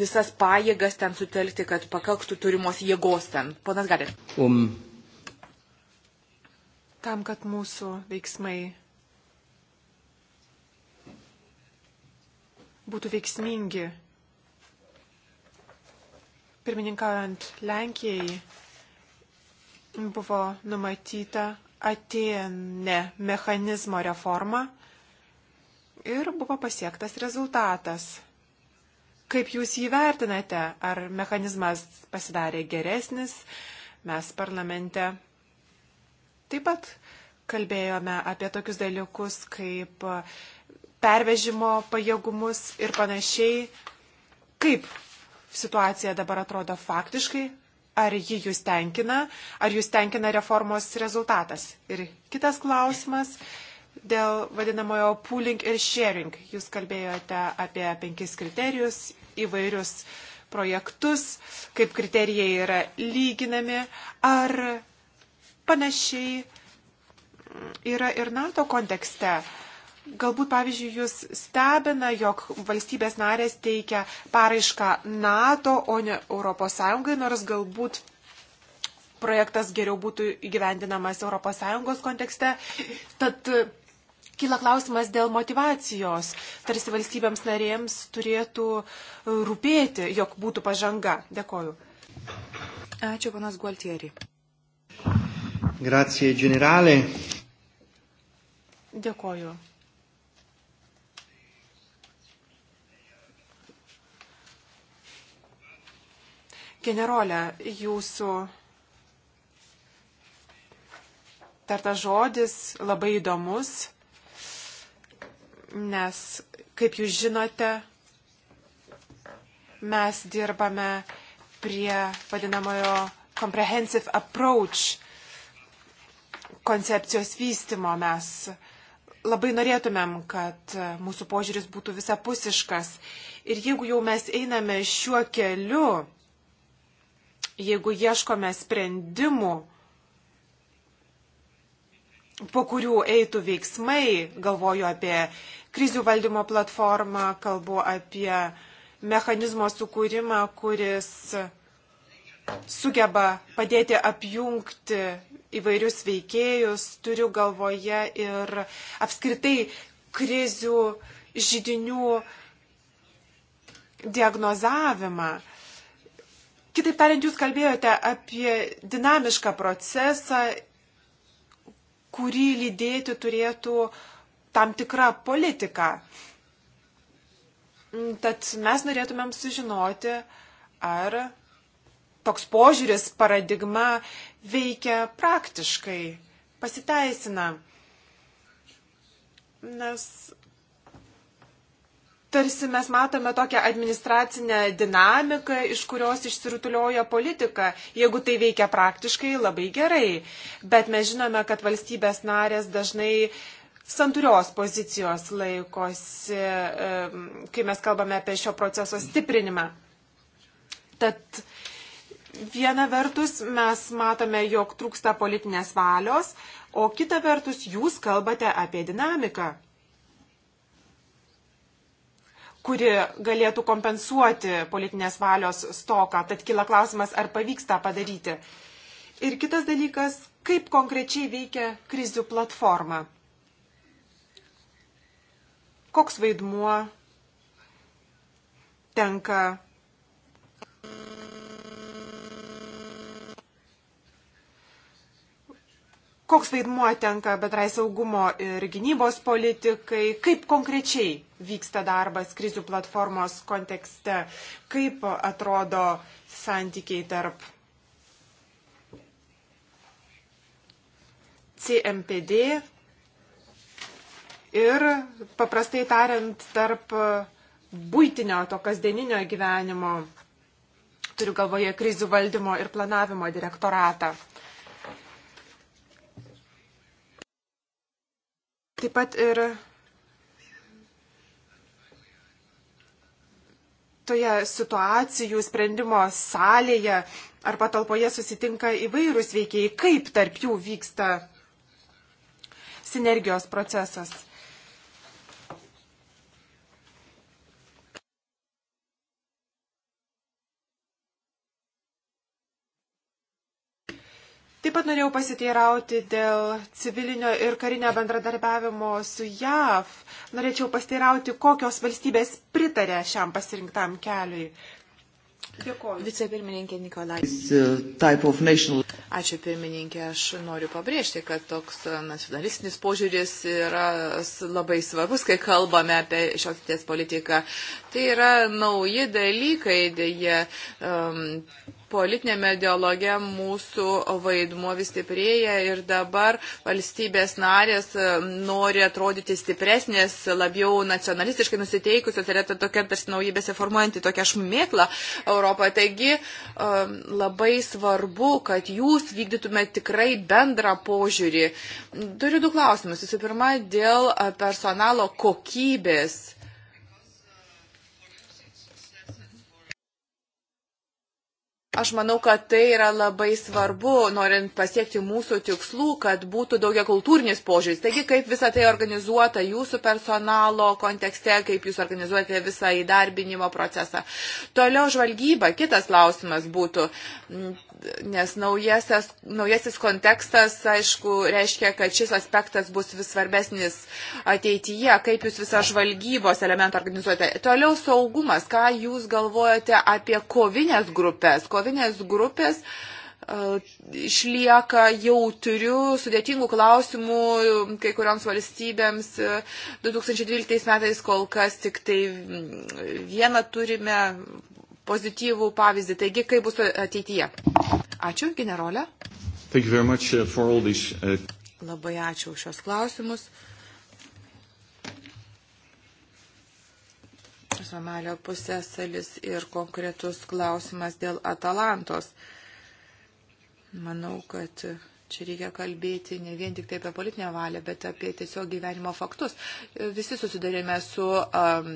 visas pajėgas ten sutelkti, kad pakaktų turimos jėgos ten. Ponas Galit. Um. Tam, kad mūsų veiksmai būtų veiksmingi. Pirmininkaujant Lenkijai buvo numatyta atėne mechanizmo reforma ir buvo pasiektas rezultatas. Kaip jūs jį vertinate? Ar mechanizmas pasidarė geresnis? Mes parlamente taip pat kalbėjome apie tokius dalykus kaip uh, pervežimo pajėgumus ir panašiai. Kaip situacija dabar atrodo faktiškai? Ar ji jūs tenkina? Ar jūs tenkina reformos rezultatas? Ir kitas klausimas dėl vadinamojo pooling ir sharing. Jūs kalbėjote apie penkis kriterijus, įvairius projektus, kaip kriterijai yra lyginami. Ar panašiai yra ir NATO kontekste? Galbūt, pavyzdžiui, jūs stebina, jog valstybės narės teikia paraišką NATO, o ne ES, nors galbūt projektas geriau būtų įgyvendinamas ES kontekste. Tad e, kyla klausimas dėl motivacijos. Tarsi valstybėms narėms turėtų rūpėti, jog būtų pažanga. Dėkoju. Ačiū, panas Gualtieri. Grazie, generalė. Dėkoju. Generolė, jūsų tartas žodis labai įdomus, nes, kaip jūs žinote, mes dirbame prie vadinamojo comprehensive approach koncepcijos vystimo. Mes labai norėtumėm, kad mūsų požiūris būtų visapusiškas. Ir jeigu jau mes einame šiuo keliu, jeigu ieškome sprendimų, po kurių eitų veiksmai, galvoju apie krizių valdymo platformą, kalbu apie mechanizmo sukūrimą, kuris sugeba padėti apjungti įvairius veikėjus, turiu galvoje ir apskritai krizių žydinių diagnozavimą. Kitaip tariant, jūs kalbėjote apie dinamišką procesą, kurį lydėti turėtų tam tikra politika. Tad mes norėtumėm sužinoti, ar toks požiūris, paradigma veikia praktiškai, pasiteisina. Nes tarsi mes matome tokią administracinę dinamiką, iš kurios išsirutulioja politika. Jeigu tai veikia praktiškai, labai gerai. Bet mes žinome, kad valstybės narės dažnai santurios pozicijos laikosi, kai mes kalbame apie šio proceso stiprinimą. Tad viena vertus mes matome, jog trūksta politinės valios, o kita vertus jūs kalbate apie dinamiką kuri galėtų kompensuoti politinės valios stoką. Tad kila klausimas, ar pavyks tą padaryti. Ir kitas dalykas, kaip konkrečiai veikia krizių platforma. Koks vaidmuo tenka koks vaidmuo tenka bedrai saugumo ir gynybos politikai, kaip konkrečiai vyksta darbas krizių platformos kontekste. Kaip atrodo santykiai tarp CMPD ir, paprastai tariant, tarp būtinio to kasdieninio gyvenimo, turiu galvoje krizių valdymo ir planavimo direktoratą. Taip pat ir toje situacijų sprendimo salėje ar patalpoje susitinka įvairūs veikėjai, kaip tarp jų vyksta sinergijos procesas. Taip pat norėjau pasiteirauti dėl civilinio ir karinio bendradarbiavimo su JAV. Norėčiau pasiteirauti, kokios valstybės pritarė šiam pasirinktam keliui. Dėkuoju. Vicepirmininkė Nikolai. Uh, Ačiū pirmininkė, aš noriu pabrėžti, kad toks uh, nacionalistinis požiūris yra labai svarbus, kai kalbame apie šios ties politiką. Tai yra nauji dalykai, dėje. Um, politinėme dialoge mūsų vaidmuo vis stiprėja ir dabar valstybės narės e, nori atrodyti stipresnės, labiau nacionalistiškai nusiteikusios ir yra tokia tarsi naujai besiformuojanti tokia šmėkla Europoje. Taigi e, labai svarbu, kad jūs vykdytumėte tikrai bendrą požiūrį. Turiu du klausimus. Visų pirma, dėl personalo kokybės Aš manau, kad tai yra labai svarbu, norint pasiekti mūsų tikslų, kad būtų daugia kultūrinis požiūris. Taigi, kaip visą tai organizuota jūsų personalo kontekste, kaip jūs organizuojate visą įdarbinimo procesą. Toliau žvalgyba, kitas klausimas būtų nes naujasis, naujasis kontekstas, aišku, reiškia, kad šis aspektas bus vis svarbesnis ateityje, kaip jūs visą žvalgybos elementą organizuojate. Toliau saugumas, ką jūs galvojate apie kovinės grupės? Kovinės grupės e, išlieka jautrių, sudėtingų klausimų kai kurioms valstybėms. 2012 e, metais kol kas tik tai vieną turime pozityvų pavyzdį. Taigi, kaip bus ateityje? Ačiū, generolė. Uh, these... Uh, Labai ačiū už šios klausimus. Somalio pusėsalis ir konkretus klausimas dėl Atalantos. Manau, kad Čia reikia kalbėti ne vien tik tai apie politinę valią, bet apie tiesiog gyvenimo faktus. Visi susidarėme su um,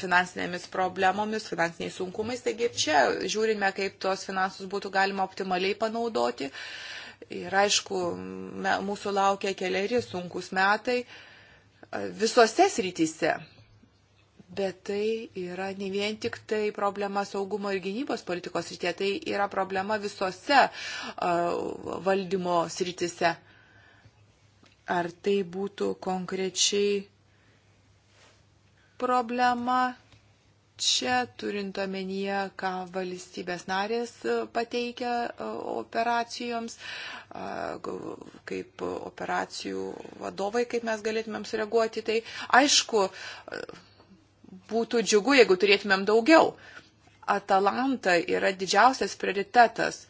finansinėmis problemomis, finansiniais sunkumais, taigi čia žiūrime, kaip tuos finansus būtų galima optimaliai panaudoti. Ir aišku, me, mūsų laukia keliari sunkus metai visose srityse. Bet tai yra ne vien tik tai problema saugumo ir gynybos politikos srityje, tai yra problema visose uh, valdymo srityse. Ar tai būtų konkrečiai problema čia, turint omenyje, ką valstybės narės pateikia operacijoms, kaip operacijų vadovai, kaip mes galėtumėm sureaguoti, tai aišku, uh, būtų džiugu, jeigu turėtumėm daugiau. Atalanta yra didžiausias prioritetas.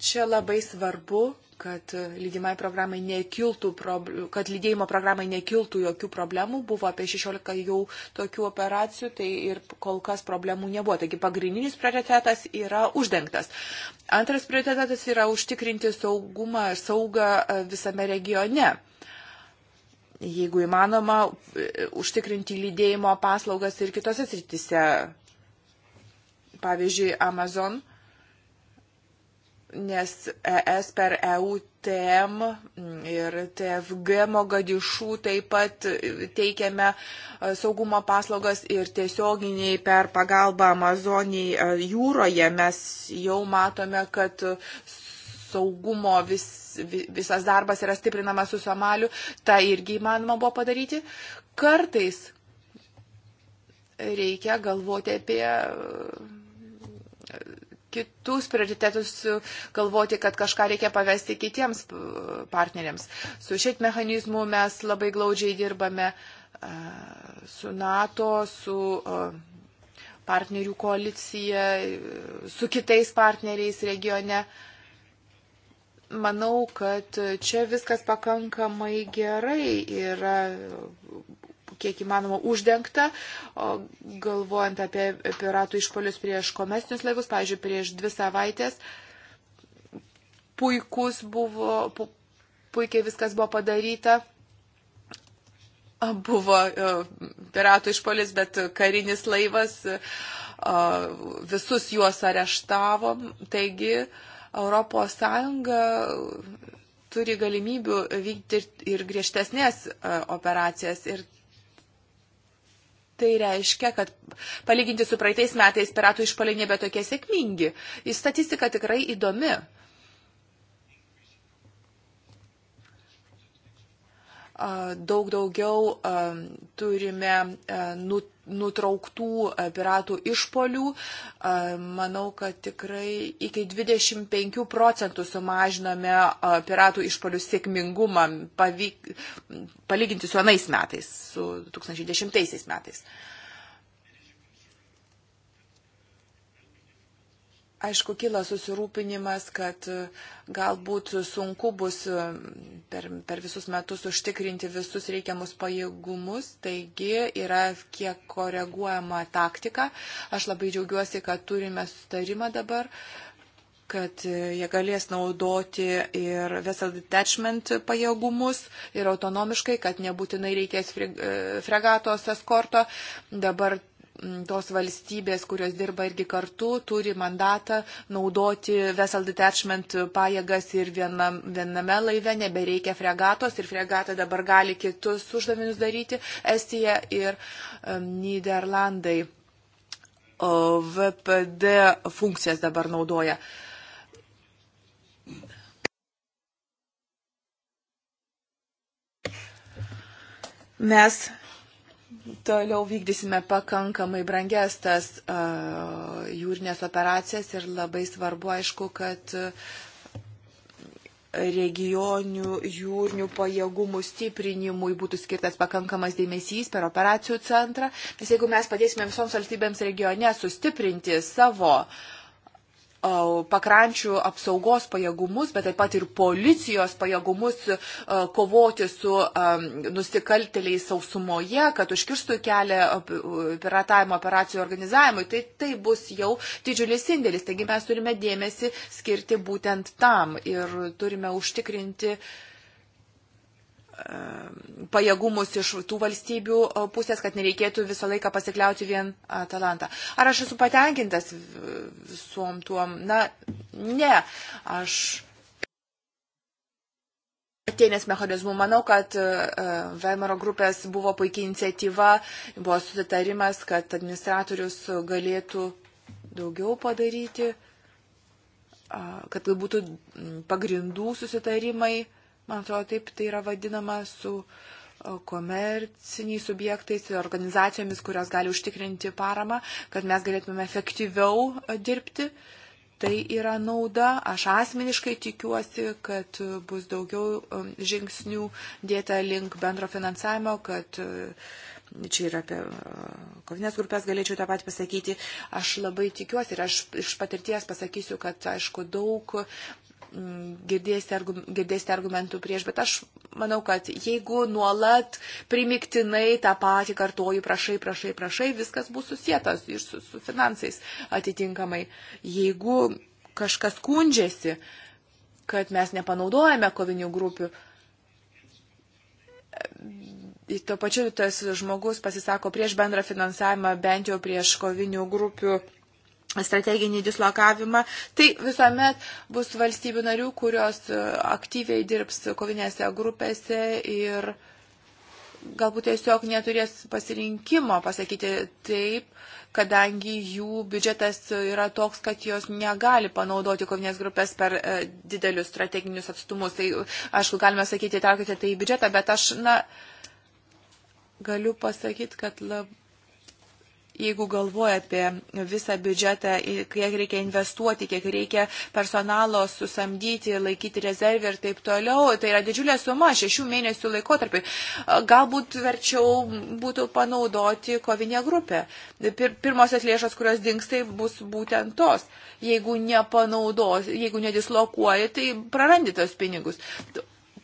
Čia labai svarbu kad lydimai programai nekiltų, kad lydėjimo programai nekiltų jokių problemų, buvo apie 16 jau tokių operacijų, tai ir kol kas problemų nebuvo. Taigi pagrindinis prioritetas yra uždengtas. Antras prioritetas yra užtikrinti saugumą ir saugą e, visame regione jeigu įmanoma, e, užtikrinti lydėjimo paslaugas ir kitose sritise. Pavyzdžiui, Amazon nes ES per EUTM ir TFG Mogadišų taip pat teikiame e, saugumo paslaugas ir tiesioginiai per pagalbą Amazonijai e, jūroje mes jau matome, kad saugumo vis, visas darbas yra stiprinamas su Somaliu, tą irgi įmanoma buvo padaryti. Kartais reikia galvoti apie kitus prioritetus galvoti, kad kažką reikia pavesti kitiems partneriams. Su šit mechanizmu mes labai glaudžiai dirbame su NATO, su partnerių koalicija, su kitais partneriais regione. Manau, kad čia viskas pakankamai gerai yra kiek įmanoma uždengta, galvojant apie piratų išpolius prieš komestinius laivus, pavyzdžiui, prieš dvi savaitės. Puikus buvo, pu, puikiai viskas buvo padaryta. Buvo e, piratų išpolis, bet karinis laivas, e, visus juos areštavom. Taigi ES turi galimybių vykti ir griežtesnės e, operacijas. Ir Tai reiškia, kad palyginti su praeitais metais piratų išpoliai nebe tokie sėkmingi. Statistika tikrai įdomi. daug daugiau turime nu, nutrauktų piratų išpolių. Manau, kad tikrai iki 25 procentų sumažinome piratų išpolių sėkmingumą palyginti su anais metais, su 2010 metais. Aišku, kila susirūpinimas, kad e, galbūt sunku bus e, per, per visus metus užtikrinti visus reikiamus pajėgumus, taigi yra kiek koreguojama taktika. Aš labai džiaugiuosi, kad turime sustarimą dabar kad e, jie galės naudoti ir vessel detachment pajėgumus ir autonomiškai, kad nebūtinai reikės fregatos eskorto. Dabar tos valstybės, kurios dirba irgi kartu, turi mandatą naudoti vessel detachment pajėgas ir vienam, viename laive, nebereikia fregatos ir fregata dabar gali kitus uždavinius daryti Estija ir um, Niderlandai. O VPD funkcijas dabar naudoja. Mes toliau vykdysime pakankamai brangias tas uh, jūrinės operacijas ir labai svarbu, aišku, kad regionių jūrinių pajėgumų stiprinimui būtų skirtas pakankamas dėmesys per operacijų centrą, nes jeigu mes padėsime visoms valstybėms regione sustiprinti savo uh, pakrančių apsaugos pajėgumus, bet taip pat ir policijos pajėgumus kovoti su nusikalteliais sausumoje, kad užkirstų kelią piratavimo operacijų organizavimui, tai tai bus jau didžiulis indėlis. Taigi mes turime dėmesį skirti būtent tam ir turime užtikrinti uh, pajėgumus iš tų valstybių pusės, kad nereikėtų visą laiką pasikliauti vien Atalantą. Ar aš esu patenkintas visuom tuom? Na, ne. Aš atėnės mechanizmų. Manau, kad e, Veimaro grupės buvo puikiai iniciatyva, buvo susitarimas, kad administratorius galėtų daugiau padaryti, kad būtų pagrindų susitarimai man atrodo, taip tai yra vadinama su komerciniais subjektais, organizacijomis, kurios gali užtikrinti paramą, kad mes galėtume efektyviau dirbti. Tai yra nauda. Aš asmeniškai tikiuosi, kad bus daugiau žingsnių dėta link bendro finansavimo, kad čia ir apie kovinės grupės galėčiau tą patį pasakyti, aš labai tikiuosi ir aš iš patirties pasakysiu, kad aišku daug Mm, girdėsite, argum, girdėsite argumentų prieš, bet aš manau, kad jeigu nuolat primiktinai tą patį kartoju, prašai, prašai, prašai, viskas bus susijęs ir su, su finansais atitinkamai. Jeigu kažkas skundžiasi, kad mes nepanaudojame kovinių grupių, tuo pačiu tas žmogus pasisako prieš bendrą finansavimą, bent jau prieš kovinių grupių strateginį dislokavimą. Tai visuomet bus valstybių narių, kurios e, aktyviai dirbs kovinėse grupėse ir galbūt tiesiog neturės pasirinkimo pasakyti taip, kadangi jų biudžetas yra toks, kad jos negali panaudoti kovinės grupės per e, didelius strateginius atstumus. Tai, aišku, galime sakyti, traukite tai į biudžetą, bet aš, na, galiu pasakyti, kad labai jeigu galvoja apie visą biudžetą, kiek reikia investuoti, kiek reikia personalo susamdyti, laikyti rezervę ir taip toliau, tai yra didžiulė suma šešių mėnesių laikotarpiai. Galbūt verčiau būtų panaudoti kovinę grupę. Pir pirmosios lėšos, kurios dinkstai, bus būtent tos. Jeigu nepanaudos, jeigu nedislokuoji, tai prarandi tos pinigus.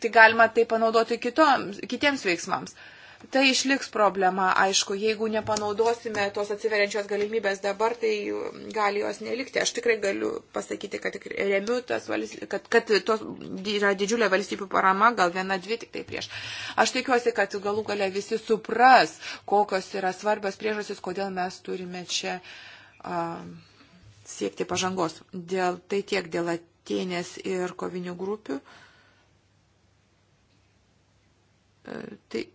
Tai galima tai panaudoti kitoms, kitiems veiksmams. Uh, Tai išliks problema, aišku, jeigu nepanaudosime tos atsiveriančios galimybės dabar, tai um, gali jos nelikti. Aš tikrai galiu pasakyti, kad remiu tas valstybės, kad, kad tos yra didžiulė valstybių parama, gal viena, dvi tik tai prieš. Aš tikiuosi, kad galų gale visi supras, kokios yra svarbios priežasis, kodėl mes turime čia a, um, siekti pažangos. Dėl, tai tiek dėl atėnės ir kovinių grupių. E, tai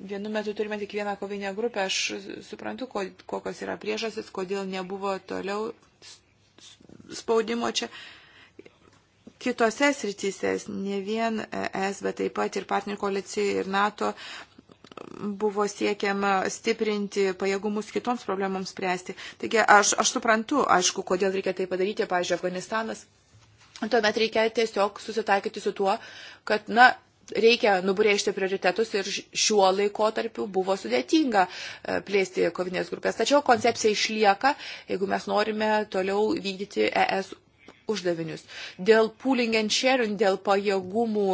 Vienu metu turime tik vieną kovinę grupę. Aš suprantu, kokios yra priežasis, kodėl nebuvo toliau spaudimo čia kitose srityse, ne vien ES, bet taip pat ir partnerių koalicijai ir NATO buvo siekiama stiprinti pajėgumus kitoms problemams spręsti. Taigi aš, aš suprantu, aišku, kodėl reikia tai padaryti, pavyzdžiui, Afganistanas. Tuomet reikia tiesiog susitaikyti su tuo, kad, na, reikia nubrėžti prioritetus ir šiuo laikotarpiu buvo sudėtinga e, plėsti kovinės grupės. Tačiau koncepcija išlieka, jeigu mes norime toliau vykdyti ES uždavinius. Dėl pooling and sharing, dėl pajėgumų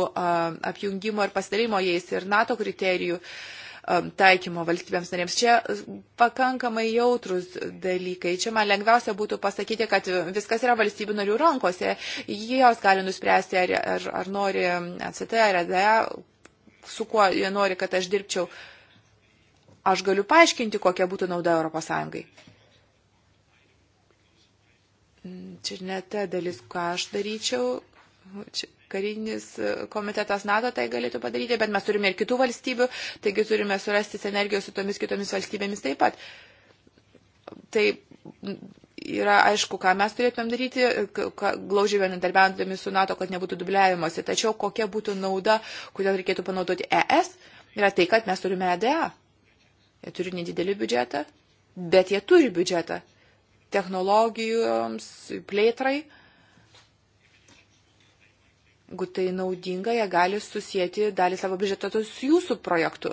apjungimo ir pasidalymo jais ir NATO kriterijų. Uh, Um, taikymo valstybėms narėms. Čia uh, pakankamai jautrus dalykai. Čia man lengviausia būtų pasakyti, kad viskas yra valstybių narių rankose. Jos gali nuspręsti, ar, ar, ar nori ACT, ar ADA, su kuo jie nori, kad aš dirbčiau. Aš galiu paaiškinti, kokia būtų nauda Europos Sąjungai. Mm, čia ne ta dalis, ką aš daryčiau, karinis e, komitetas NATO tai galėtų padaryti, bet mes turime ir kitų valstybių, taigi turime surasti sinergijos su tomis kitomis valstybėmis taip pat. Tai yra aišku, ką mes turėtumėm daryti, glaužiai bendradarbiaudami su NATO, kad nebūtų dubliavimuose. Tačiau kokia būtų nauda, kodėl reikėtų panaudoti ES, yra tai, kad mes turime EDA. Jie turi nedidelį biudžetą, bet jie turi biudžetą technologijoms, plėtrai. Uh, jeigu tai naudinga, jie gali susijęti dalį savo biudžeto su jūsų projektu.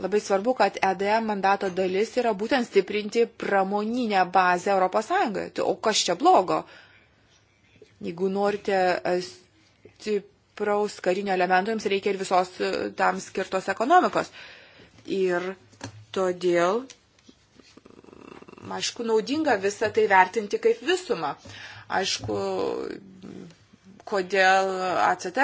Labai svarbu, kad EDA mandato dalis yra būtent stiprinti pramoninę bazę ES. Tai, o kas čia blogo? Jeigu norite e, stipraus karinio elemento, jums reikia ir visos e, tam skirtos ekonomikos. Ir todėl, aišku, naudinga visą tai vertinti kaip visumą. Aišku, kodėl ACT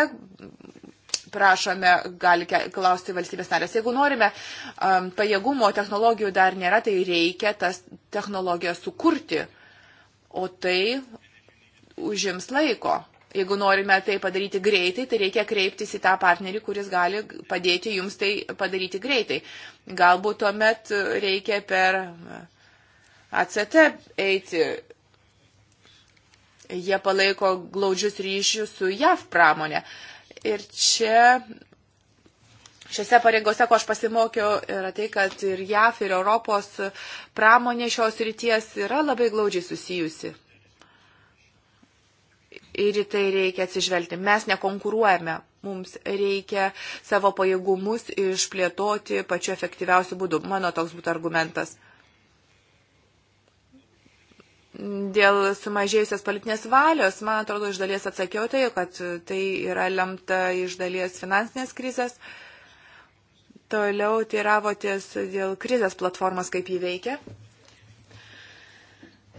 prašome, gali klausti valstybės narės. Jeigu norime um, pajėgumo technologijų dar nėra, tai reikia tas technologijas sukurti, o tai užims laiko. Jeigu norime tai padaryti greitai, tai reikia kreiptis į tą partnerį, kuris gali padėti jums tai padaryti greitai. Galbūt tuomet reikia per ACT eiti Jie palaiko glaudžius ryšius su JAV pramonė. Ir čia šiuose pareigose, ko aš pasimokiau, yra tai, kad ir JAF, ir Europos pramonė šios ryties yra labai glaudžiai susijusi. Ir į tai reikia atsižvelgti. Mes nekonkuruojame. Mums reikia savo pajėgumus išplėtoti pačiu efektyviausiu būdu. Mano toks būtų argumentas. Dėl sumažėjusios politinės valios, man atrodo, iš dalies atsakiau tai, kad tai yra lemta iš dalies finansinės krizės. Toliau teiravotės dėl krizės platformos, kaip jį veikia.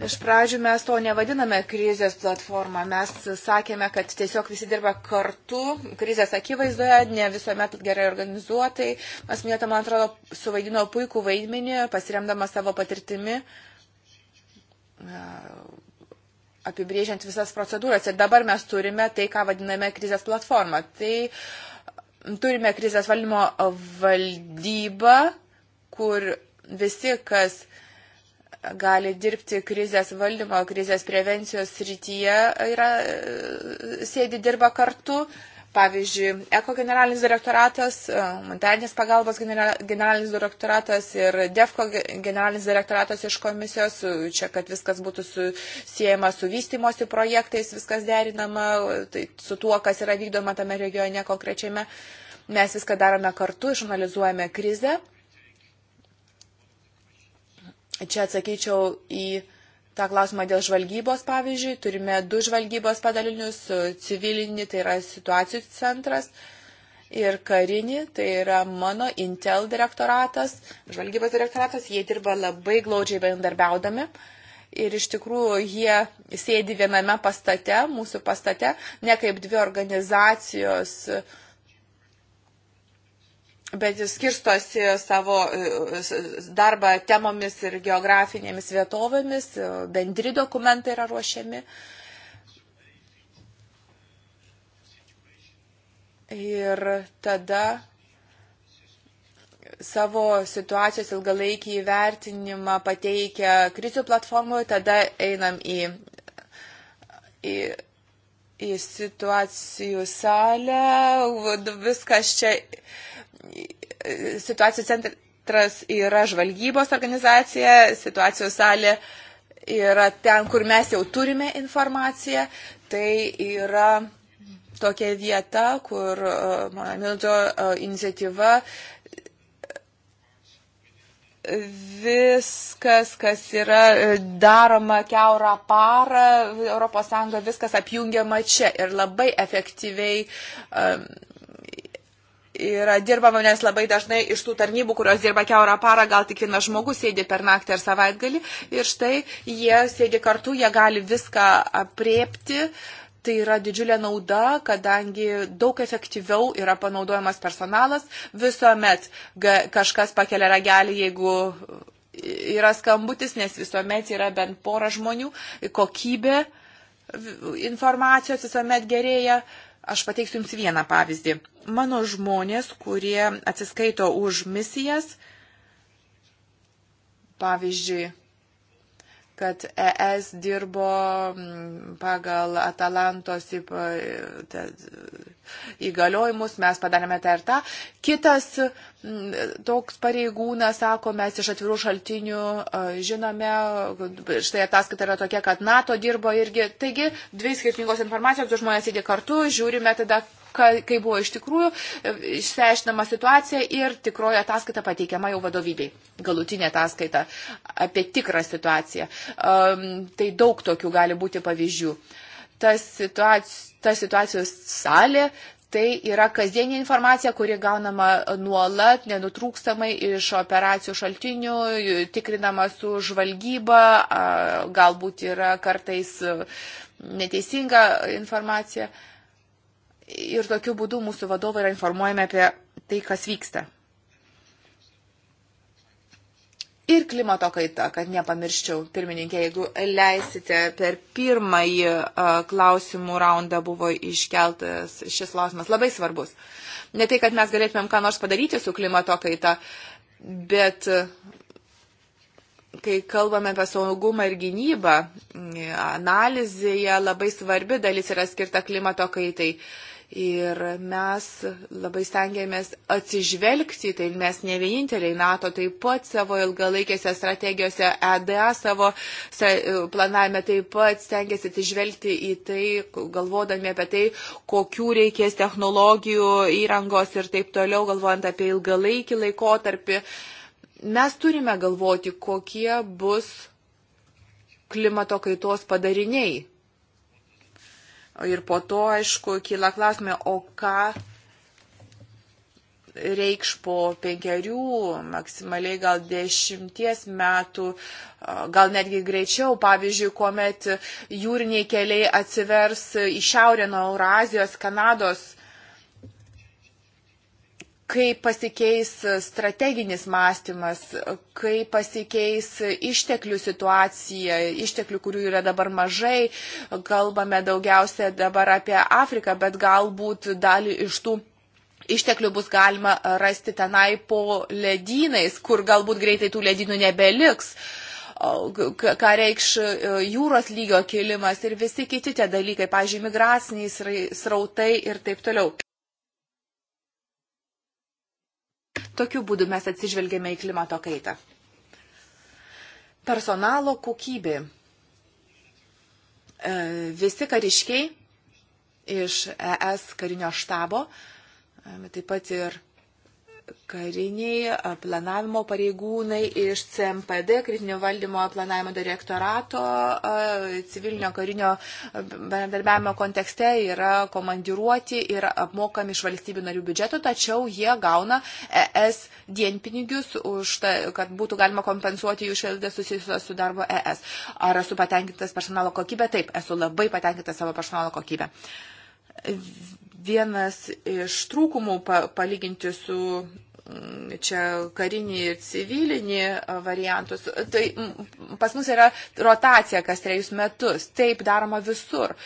Iš pradžių mes to nevadiname krizės platforma. Mes sakėme, kad tiesiog visi dirba kartu, krizės akivaizdoje, ne visuomet gerai organizuotai. Asmieta, man atrodo, suvaidino puikų vaidmenį, pasiremdama savo patirtimi. Uh, apibrėžiant visas procedūras. Ir dabar mes turime tai, ką vadiname krizės platformą. Tai turime krizės valdymo valdybą, kur visi, kas gali dirbti krizės valdymo, krizės prevencijos srityje, yra, sėdi dirba kartu Pavyzdžiui, Eko generalinis direktoratas, e, Montalinės pagalbos generalinis direktoratas ir DEFCO generalinis direktoratas iš komisijos, čia kad viskas būtų siejama su vystimosi projektais, viskas derinama tai, su tuo, kas yra vykdoma tame regione konkrečiame. Mes viską darome kartu, išanalizuojame krizę. Čia atsakyčiau į tą klausimą dėl žvalgybos, pavyzdžiui, turime du žvalgybos padalinius, civilinį, tai yra situacijų centras, ir karinį, tai yra mano Intel direktoratas, žvalgybos direktoratas, jie dirba labai glaudžiai bendarbiaudami. Ir iš tikrųjų jie sėdi viename pastate, mūsų pastate, ne kaip dvi organizacijos, uh, bet jis skirstosi savo e, darbą temomis ir geografinėmis vietovėmis, e, bendri dokumentai yra ruošiami. Ir tada savo situacijos ilgalaikį įvertinimą pateikia krizių platformoje, tada einam į, į į situacijų salę, viskas čia situacijų centras yra žvalgybos organizacija, situacijų salė yra ten, kur mes jau turime informaciją. Tai yra tokia vieta, kur e, mano Mildžio e, iniciatyva viskas, kas yra e, daroma keurą parą, ES viskas apjungiama čia ir labai efektyviai um, yra dirbama, nes labai dažnai iš tų tarnybų, kurios dirba keurą parą, gal tik vienas žmogus sėdi per naktį ar savaitgalį ir štai jie sėdi kartu, jie gali viską apriepti. Tai yra didžiulė nauda, kadangi daug efektyviau yra panaudojamas personalas. Visuomet kažkas pakelia ragelį, jeigu yra skambutis, nes visuomet yra bent pora žmonių, kokybė informacijos visuomet gerėja. Uh, Aš pateiksiu Jums vieną pavyzdį. Mano žmonės, kurie atsiskaito už misijas, pavyzdžiui, kad ES dirbo mm, pagal Atalantos įgaliojimus, mes padarėme tą ir tą. Kitas mm, toks pareigūnas sako, mes iš atvirų šaltinių e, žinome, štai ataskaita yra tokia, kad NATO dirbo irgi. Taigi, dvi skirtingos informacijos, du žmonės sėdi kartu, žiūrime tada, kai buvo iš tikrųjų e, išsiaiškinama situacija ir tikroji ataskaita pateikiama jau vadovybei. Galutinė ataskaita apie tikrą situaciją. Um, tai daug tokių gali būti pavyzdžių. Ta, situaci ta situacijos salė. Tai yra kasdienė informacija, kuri gaunama nuolat, nenutrūkstamai iš operacijų šaltinių, tikrinama su žvalgyba, galbūt yra kartais e, neteisinga informacija. Uh, ir tokiu būdu mūsų vadovai yra informuojami apie tai, kas vyksta. Ir klimato kaita, kad nepamirščiau, pirmininkė, jeigu leisite, per pirmąjį klausimų raundą buvo iškeltas šis klausimas, labai svarbus. Ne tai, kad mes galėtumėm ką nors padaryti su klimato kaita, bet kai kalbame apie saugumą ir gynybą, analizėje labai svarbi dalis yra skirta klimato kaitai. Ir mes labai stengiamės atsižvelgti, tai mes ne vieninteliai NATO taip pat savo ilgalaikėse strategijose, EDA savo planavime taip pat stengiasi atsižvelgti į tai, galvodami apie tai, kokių reikės technologijų, įrangos ir taip toliau, galvojant apie ilgalaikį laikotarpį. Mes turime galvoti, kokie bus klimato kaitos padariniai Ir po to, aišku, kyla klausimai, o ką reikš po penkerių, maksimaliai gal dešimties metų, gal netgi greičiau, pavyzdžiui, kuomet jūriniai keliai atsivers į šiaurę nuo Eurazijos, Kanados kaip pasikeis strateginis mąstymas, kaip pasikeis išteklių situacija, išteklių, kurių yra dabar mažai. Kalbame daugiausia dabar apie Afriką, bet galbūt dalį iš tų išteklių bus galima rasti tenai po ledynais, kur galbūt greitai tų ledynų nebeliks, ką reikš e, jūros lygio kilimas ir visi kiti tie dalykai, pažiūrėjau, migraciniai srautai ir taip toliau. Tokiu būdu mes atsižvelgėme į klimato kaitą. Personalo kokybė. E, visi kariškiai iš ES karinio štabo, e, taip pat ir kariniai planavimo pareigūnai iš CMPD, kritinio valdymo planavimo direktorato, civilinio karinio bendarbiavimo kontekste yra komandiruoti ir apmokami iš valstybių narių biudžeto, tačiau jie gauna ES dienpinigius, tai, kad būtų galima kompensuoti jų išlaidas susijusios su darbo ES. Ar esu patenkintas personalo kokybė? Taip, esu labai patenkintas savo personalo kokybę vienas iš trūkumų palyginti su mm, čia karinį ir civilinį variantus. Tai mm, pas mus yra rotacija kas trejus metus. Taip daroma visur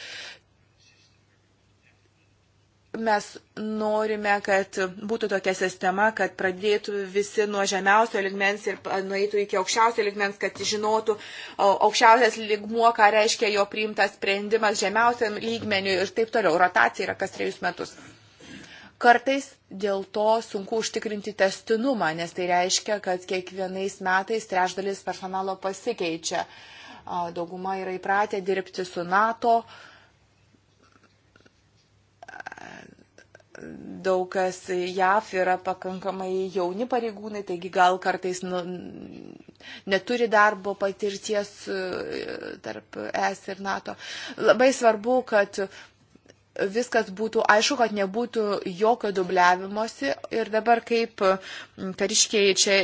mes norime, kad būtų tokia sistema, kad pradėtų visi nuo žemiausio ligmens ir nueitų iki aukščiausio ligmens, kad žinotų aukščiausias ligmuo, ką reiškia jo priimtas sprendimas žemiausiam lygmeniu ir taip toliau. Rotacija yra kas trejus metus. Kartais dėl to sunku užtikrinti testinumą, nes tai reiškia, kad kiekvienais metais trešdalis personalo pasikeičia. Dauguma yra įpratę dirbti su NATO, uh, daug kas JAF yra pakankamai jauni pareigūnai, taigi gal kartais nu, neturi darbo patirties e, tarp ES ir NATO. Labai svarbu, kad viskas būtų aišku, kad nebūtų jokio dubliavimosi. Ir dabar kaip kariškiai čia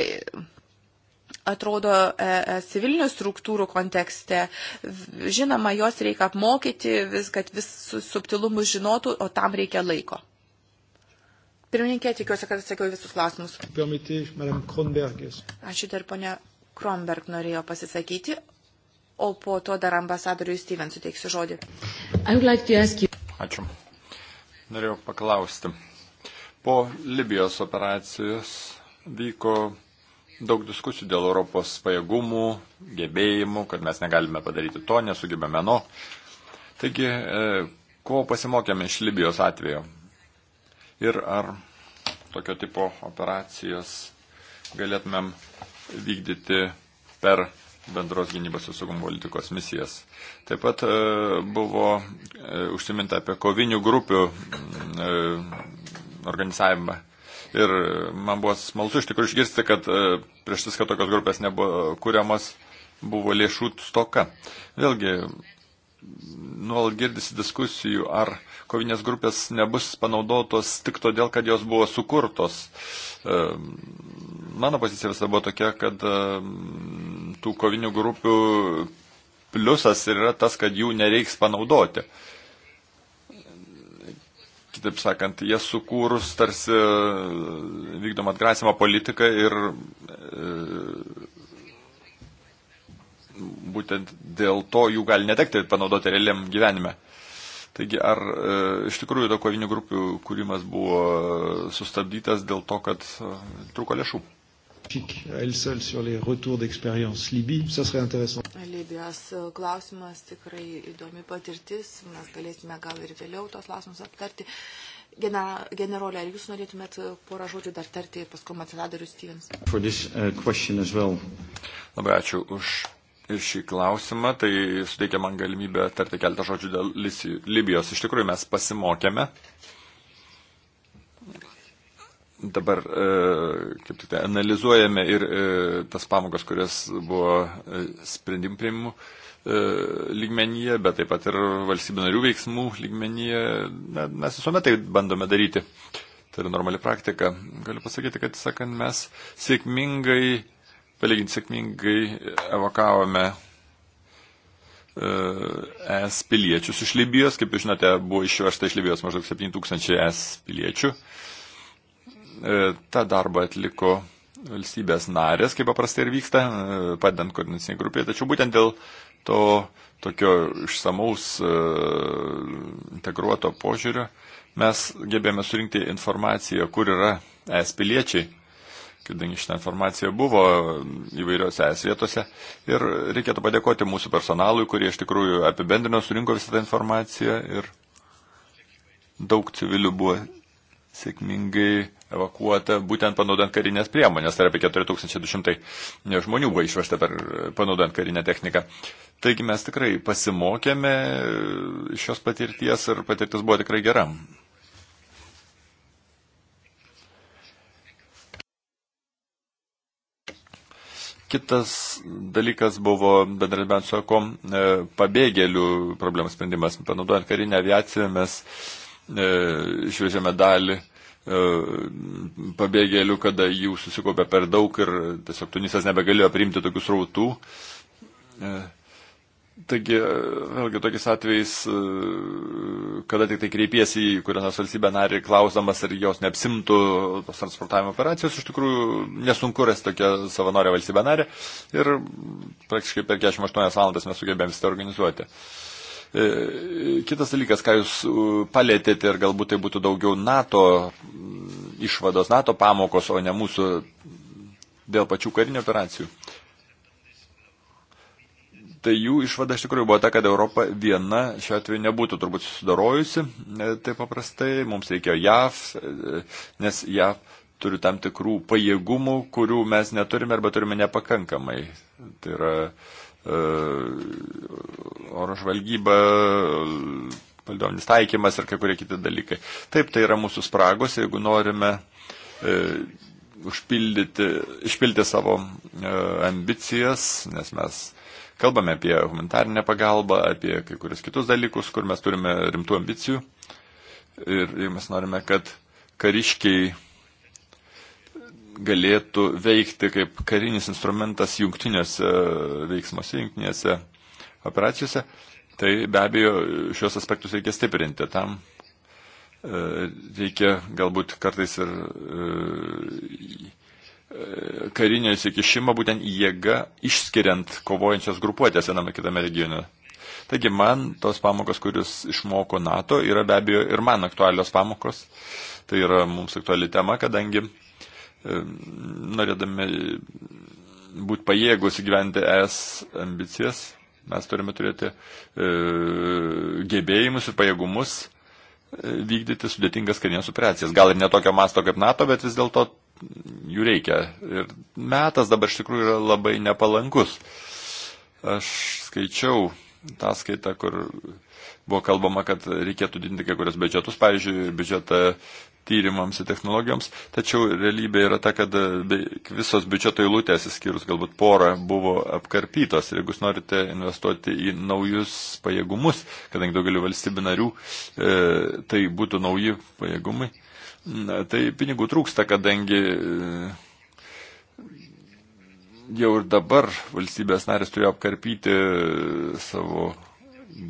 atrodo e, e, civilinių struktūrų kontekste. Žinoma, jos reikia apmokyti, vis, kad vis subtilumus žinotų, o tam reikia laiko. Pirmininkė, tikiuosi, kad atsakiau visus klausimus. Permitė, madame Kronbergės. Ačiū dar ponia Kronberg norėjo pasisakyti, o po to dar ambasadoriui Steven suteiksiu žodį. Like you... Ačiū. Norėjau paklausti. Po Libijos operacijos vyko daug diskusijų dėl Europos pajėgumų, gebėjimų, kad mes negalime padaryti to, nesugebėme no. Taigi, e, ko pasimokėme iš Libijos atveju? ir ar tokio tipo operacijas galėtumėm vykdyti per bendros gynybos ir saugumo politikos misijas. Taip pat e, buvo e, užsiminta apie kovinių grupių e, organizavimą. Ir man buvo smalsu iš tikrųjų išgirsti, kad prieš viską tokios grupės nebuvo kuriamas, buvo lėšų stoka. Vėlgi, nuolat girdisi diskusijų, ar kovinės grupės nebus panaudotos tik todėl, kad jos buvo sukurtos. E, mano pozicija visada buvo tokia, kad e, tų kovinių grupių pliusas yra tas, kad jų nereiks panaudoti. Kitaip sakant, jie sukūrus tarsi vykdom atgrasimo politiką ir e, būtent dėl to jų gali netekti panaudoti realiam gyvenime. Taigi, ar e, iš tikrųjų to kovinių grupių kūrimas buvo e, sustabdytas dėl to, kad e, trūko lėšų? Libijos e, klausimas tikrai įdomi patirtis, mes galėsime gal ir vėliau tos klausimus aptarti. Generolė, ar jūs norėtumėt e, porą žodžių dar tarti paskui ambasadorius Stevens? Well. Labai ačiū už šį klausimą, tai suteikia man galimybę tarti keltą žodžių dėl Libijos. Iš tikrųjų, mes pasimokėme. Dabar e, kaip tik tai analizuojame ir e, tas pamokas, kurias buvo e, sprendimų priimimų e, lygmenyje, bet taip pat ir valstybių narių veiksmų lygmenyje. Na, mes visuomet tai bandome daryti. Tai yra normali praktika. Galiu pasakyti, kad, sakant, mes sėkmingai palyginti sėkmingai evakavome e, es piliečius iš Libijos. Kaip jūs žinote, buvo išvežta iš Libijos maždaug 7000 es piliečių. E, Ta darba atliko valstybės narės, kaip paprastai ir vyksta, e, padedant koordinaciniai grupiai. Tačiau būtent dėl to tokio išsamaus integruoto požiūrio mes gebėjome surinkti informaciją, kur yra es piliečiai kadangi šitą informaciją buvo įvairiose es vietose. Ir reikėtų padėkoti mūsų personalui, kurie iš tikrųjų apibendrino, surinko visą tą informaciją ir daug civilių buvo sėkmingai evakuota, būtent panaudojant karinės priemonės, tai apie 4200 žmonių buvo išvežta per panaudojant karinę techniką. Taigi mes tikrai pasimokėme šios patirties ir patirtis buvo tikrai gera. Kitas dalykas buvo bendradarbiant su AKOM e, pabėgėlių problemų sprendimas. Panaudojant karinę aviaciją mes e, išvežėme dalį e, pabėgėlių, kada jų susikopė per daug ir tiesiog Tunisas nebegalėjo priimti tokių srautų. E, Taigi, vėlgi, tokiais atvejais, e, kada tik tai kreipiesi į kurią nors valstybę narį, klausdamas, ar jos neapsimtų tos transportavimo operacijos, iš tikrųjų nesunku rasti tokią savanorę valstybę narį ir praktiškai per 48 valandas mes sugebėjom visą organizuoti. E, kitas dalykas, ką jūs e, palėtėte ir galbūt tai būtų daugiau NATO išvados, NATO pamokos, o ne mūsų dėl pačių karinių operacijų. Tai jų išvada iš tikrųjų buvo ta, kad Europa viena šiuo atveju nebūtų turbūt susidarojusi e, taip paprastai, mums reikėjo JAV, e, nes JAV turi tam tikrų pajėgumų, kurių mes neturime arba turime nepakankamai. Tai yra uh, oro žvalgyba, paldominis taikymas ir kai kurie kiti dalykai. Taip, tai yra mūsų spragos, jeigu norime. Uh, užpildyti, išpildyti savo e, ambicijas, nes mes Kalbame apie humanitarinę pagalbą, apie kai kurias kitus dalykus, kur mes turime rimtų ambicijų. Ir, ir mes norime, kad kariškiai galėtų veikti kaip karinis instrumentas jungtiniuose e, veiksmuose, jungtinėse operacijose. Tai be abejo, šios aspektus reikia stiprinti. Tam e, reikia galbūt kartais ir e, karinio įsikišimo būtent jėga išskiriant kovojančias grupuotės viename kitame regione. Taigi man tos pamokos, kuris išmoko NATO, yra be abejo ir man aktualios pamokos. Tai yra mums aktuali tema, kadangi e, norėdami būti pajėgus įgyventi ES ambicijas, mes turime turėti e, gebėjimus ir pajėgumus e, vykdyti sudėtingas karinės operacijas. Gal ir netokio masto kaip NATO, bet vis dėlto jų reikia. Ir metas dabar iš tikrųjų yra labai nepalankus. Aš skaičiau tą skaitą, kur buvo kalbama, kad reikėtų didinti kai kurios biudžetus, pavyzdžiui, biudžetą tyrimams ir technologijoms, tačiau realybė yra ta, kad visos biudžeto eilutės, įskyrus galbūt porą, buvo apkarpytos. Ir jeigu jūs norite investuoti į naujus pajėgumus, kadangi daugeliu valstybių narių e, tai būtų nauji pajėgumai, Na, tai pinigų trūksta, kadangi e, jau ir dabar valstybės narės turėjo apkarpyti e, savo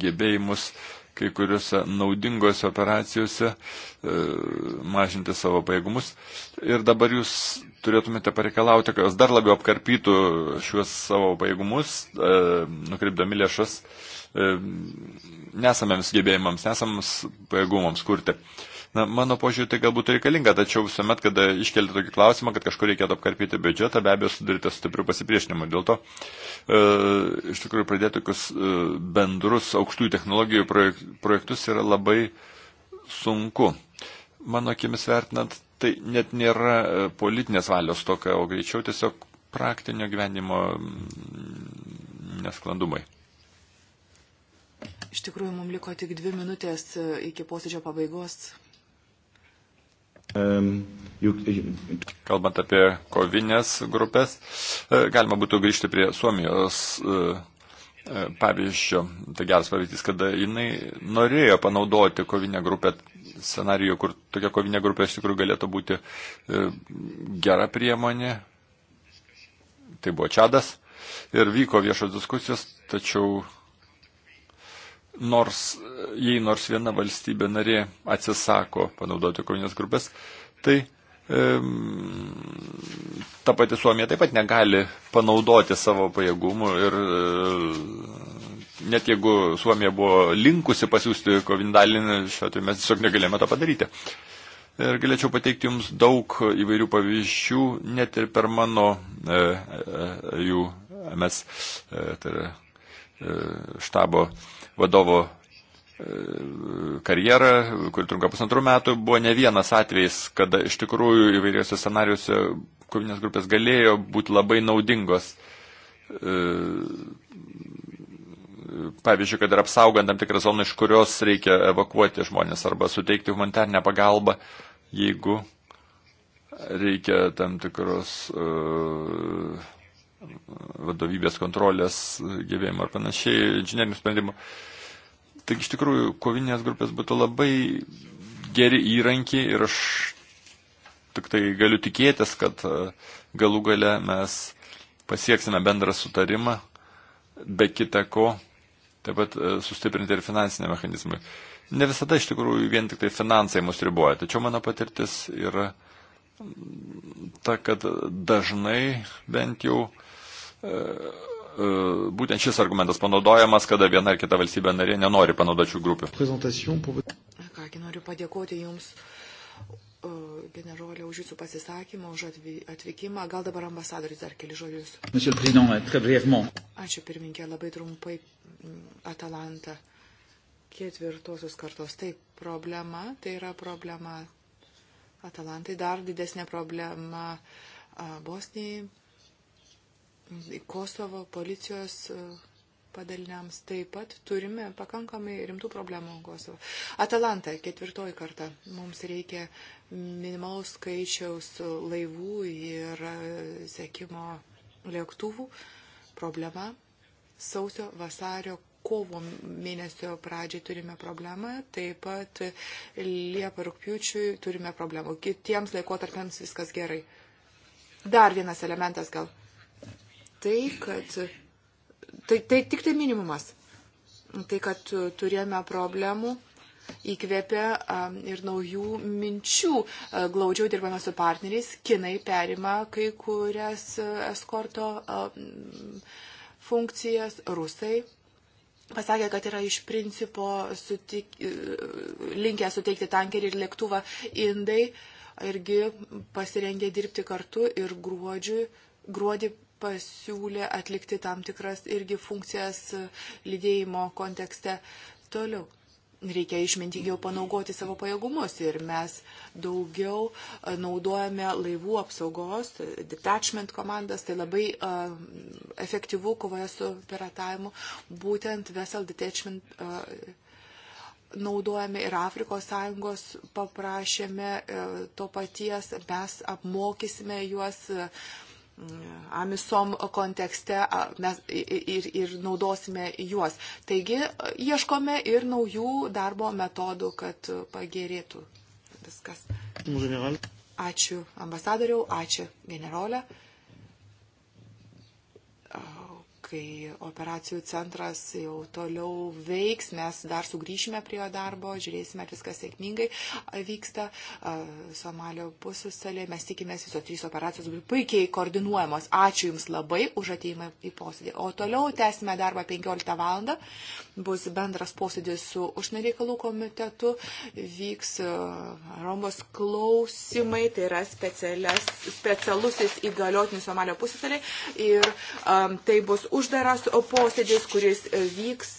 gebėjimus kai kuriuose naudingose operacijose, e, mažinti savo pajėgumus. Ir dabar jūs turėtumėte pareikalauti, kad jos dar labiau apkarpytų šiuos savo pajėgumus, nukreipdami lėšas nesamiems gebėjimams, nesamams pajėgumams kurti. Na, mano požiūrė, tai galbūt reikalinga, tačiau visuomet, kada iškelti tokį klausimą, kad kažkur reikėtų apkarpyti biudžetą, be abejo, sudaryti stiprių pasipriešinimų. Dėl to e, iš tikrųjų pradėti tokius e, bendrus aukštųjų technologijų projek projektus yra labai sunku. Mano akimis vertinant, tai net nėra e, politinės valios tokia, o greičiau tiesiog praktinio gyvenimo mm, nesklandumai. Iš tikrųjų, mums liko tik dvi minutės e, iki posėdžio pabaigos. E, Kalbant apie kovinės grupės, e, galima būtų grįžti prie Suomijos e, pavyzdžio. Tai geras pavyzdys, kada jinai norėjo panaudoti kovinę grupę scenarijų, kur tokia kovinė grupė iš tikrųjų galėtų būti gera priemonė. Tai buvo Čadas. Ir vyko viešos diskusijos, tačiau nors jei nors viena valstybė narė atsisako panaudoti kovinės grupės, tai ta pati Suomija taip pat negali panaudoti savo pajėgumų ir e, net jeigu Suomija buvo linkusi pasiūsti kovindalinį, šiuo atveju mes tiesiog negalėjome to padaryti. Ir galėčiau pateikti Jums daug įvairių pavyzdžių, net ir per mano e, e, e jų e, mes, e, tai yra e, štabo e, vadovo e, karjerą, kuri trunka pusantrų metų, buvo ne vienas atvejis, kada iš tikrųjų įvairiuose scenariuose kovinės grupės galėjo būti labai naudingos. E, pavyzdžiui, kad ir apsaugant tam tikrą zoną, iš kurios reikia evakuoti žmonės arba suteikti humanitarnę pagalbą, jeigu reikia tam tikros uh, vadovybės kontrolės gyvėjimo ar panašiai, inžinierinių sprendimų. Taigi iš tikrųjų kovinės grupės būtų labai geri įrankiai ir aš tik tai galiu tikėtis, kad e, galų gale mes pasieksime bendrą sutarimą, be kita ko, taip pat e, sustiprinti ir finansinį mechanizmą. Ne visada iš tikrųjų vien tik tai finansai mus riboja, tačiau mano patirtis yra ta, kad dažnai bent jau uh, E, e, būtent šis argumentas panaudojamas, kada viena ar kita valstybė narė nenori panaudoti šių grupių. Kągi noriu padėkoti Jums, e, generolė, už Jūsų pasisakymą, už atvykimą. Gal dabar ambasadoris dar keli žodžius. Euh, Ačiū pirminkė, labai trumpai mm, Atalanta. Ketvirtosios kartos. Taip, problema, tai yra problema Atalantai, dar didesnė problema Bosnijai Kosovo policijos e, padaliniams taip pat turime pakankamai rimtų problemų Kosovo. Atalanta, ketvirtoji karta. Mums reikia minimalaus skaičiaus laivų ir e, sekimo lėktuvų. Problema sausio, vasario, kovo mėnesio pradžiai turime problemą, taip pat liepą rūpiučiui turime problemų. Kitiems laikotarpiams viskas gerai. Dar vienas elementas gal tai, kad tai, tai tik tai minimumas. Tai, kad turėjome problemų, įkvėpė ir naujų minčių. Glaudžiau dirbame su partneriais, kinai perima kai kurias eskorto funkcijas, rusai pasakė, kad yra iš principo sutik, linkę suteikti tankerį ir lėktuvą indai, irgi pasirengė dirbti kartu ir gruodžiui, gruodį pasiūlė atlikti tam tikras irgi funkcijas lydėjimo kontekste. Toliau reikia išmintingiau panaugoti savo pajėgumus ir mes daugiau e, naudojame laivų apsaugos, detachment komandas, tai labai uh, efektyvu kovoje su piratavimu, būtent vessel detachment. Uh, naudojame ir Afrikos sąjungos paprašėme uh, to paties, mes apmokysime juos uh, amisom kontekste mes ir, ir naudosime juos. Taigi ieškome ir naujų darbo metodų, kad pagerėtų viskas. Ačiū ambasadoriau, ačiū generolė kai operacijų centras jau toliau veiks, mes dar sugrįšime prie jo darbo, žiūrėsime, ar viskas sėkmingai vyksta Somalio pusustalė. Mes tikimės, visos trys operacijos bus puikiai koordinuojamos. Ačiū Jums labai už ateimą į posėdį. O toliau tęsime darbą 15 val. Bus bendras posėdis su užsienio reikalų komitetu, vyks Romos klausimai, tai yra specialusis įgaliotinis Somalio pusustalė ir um, tai bus už uždaras posėdis, kuris e, vyks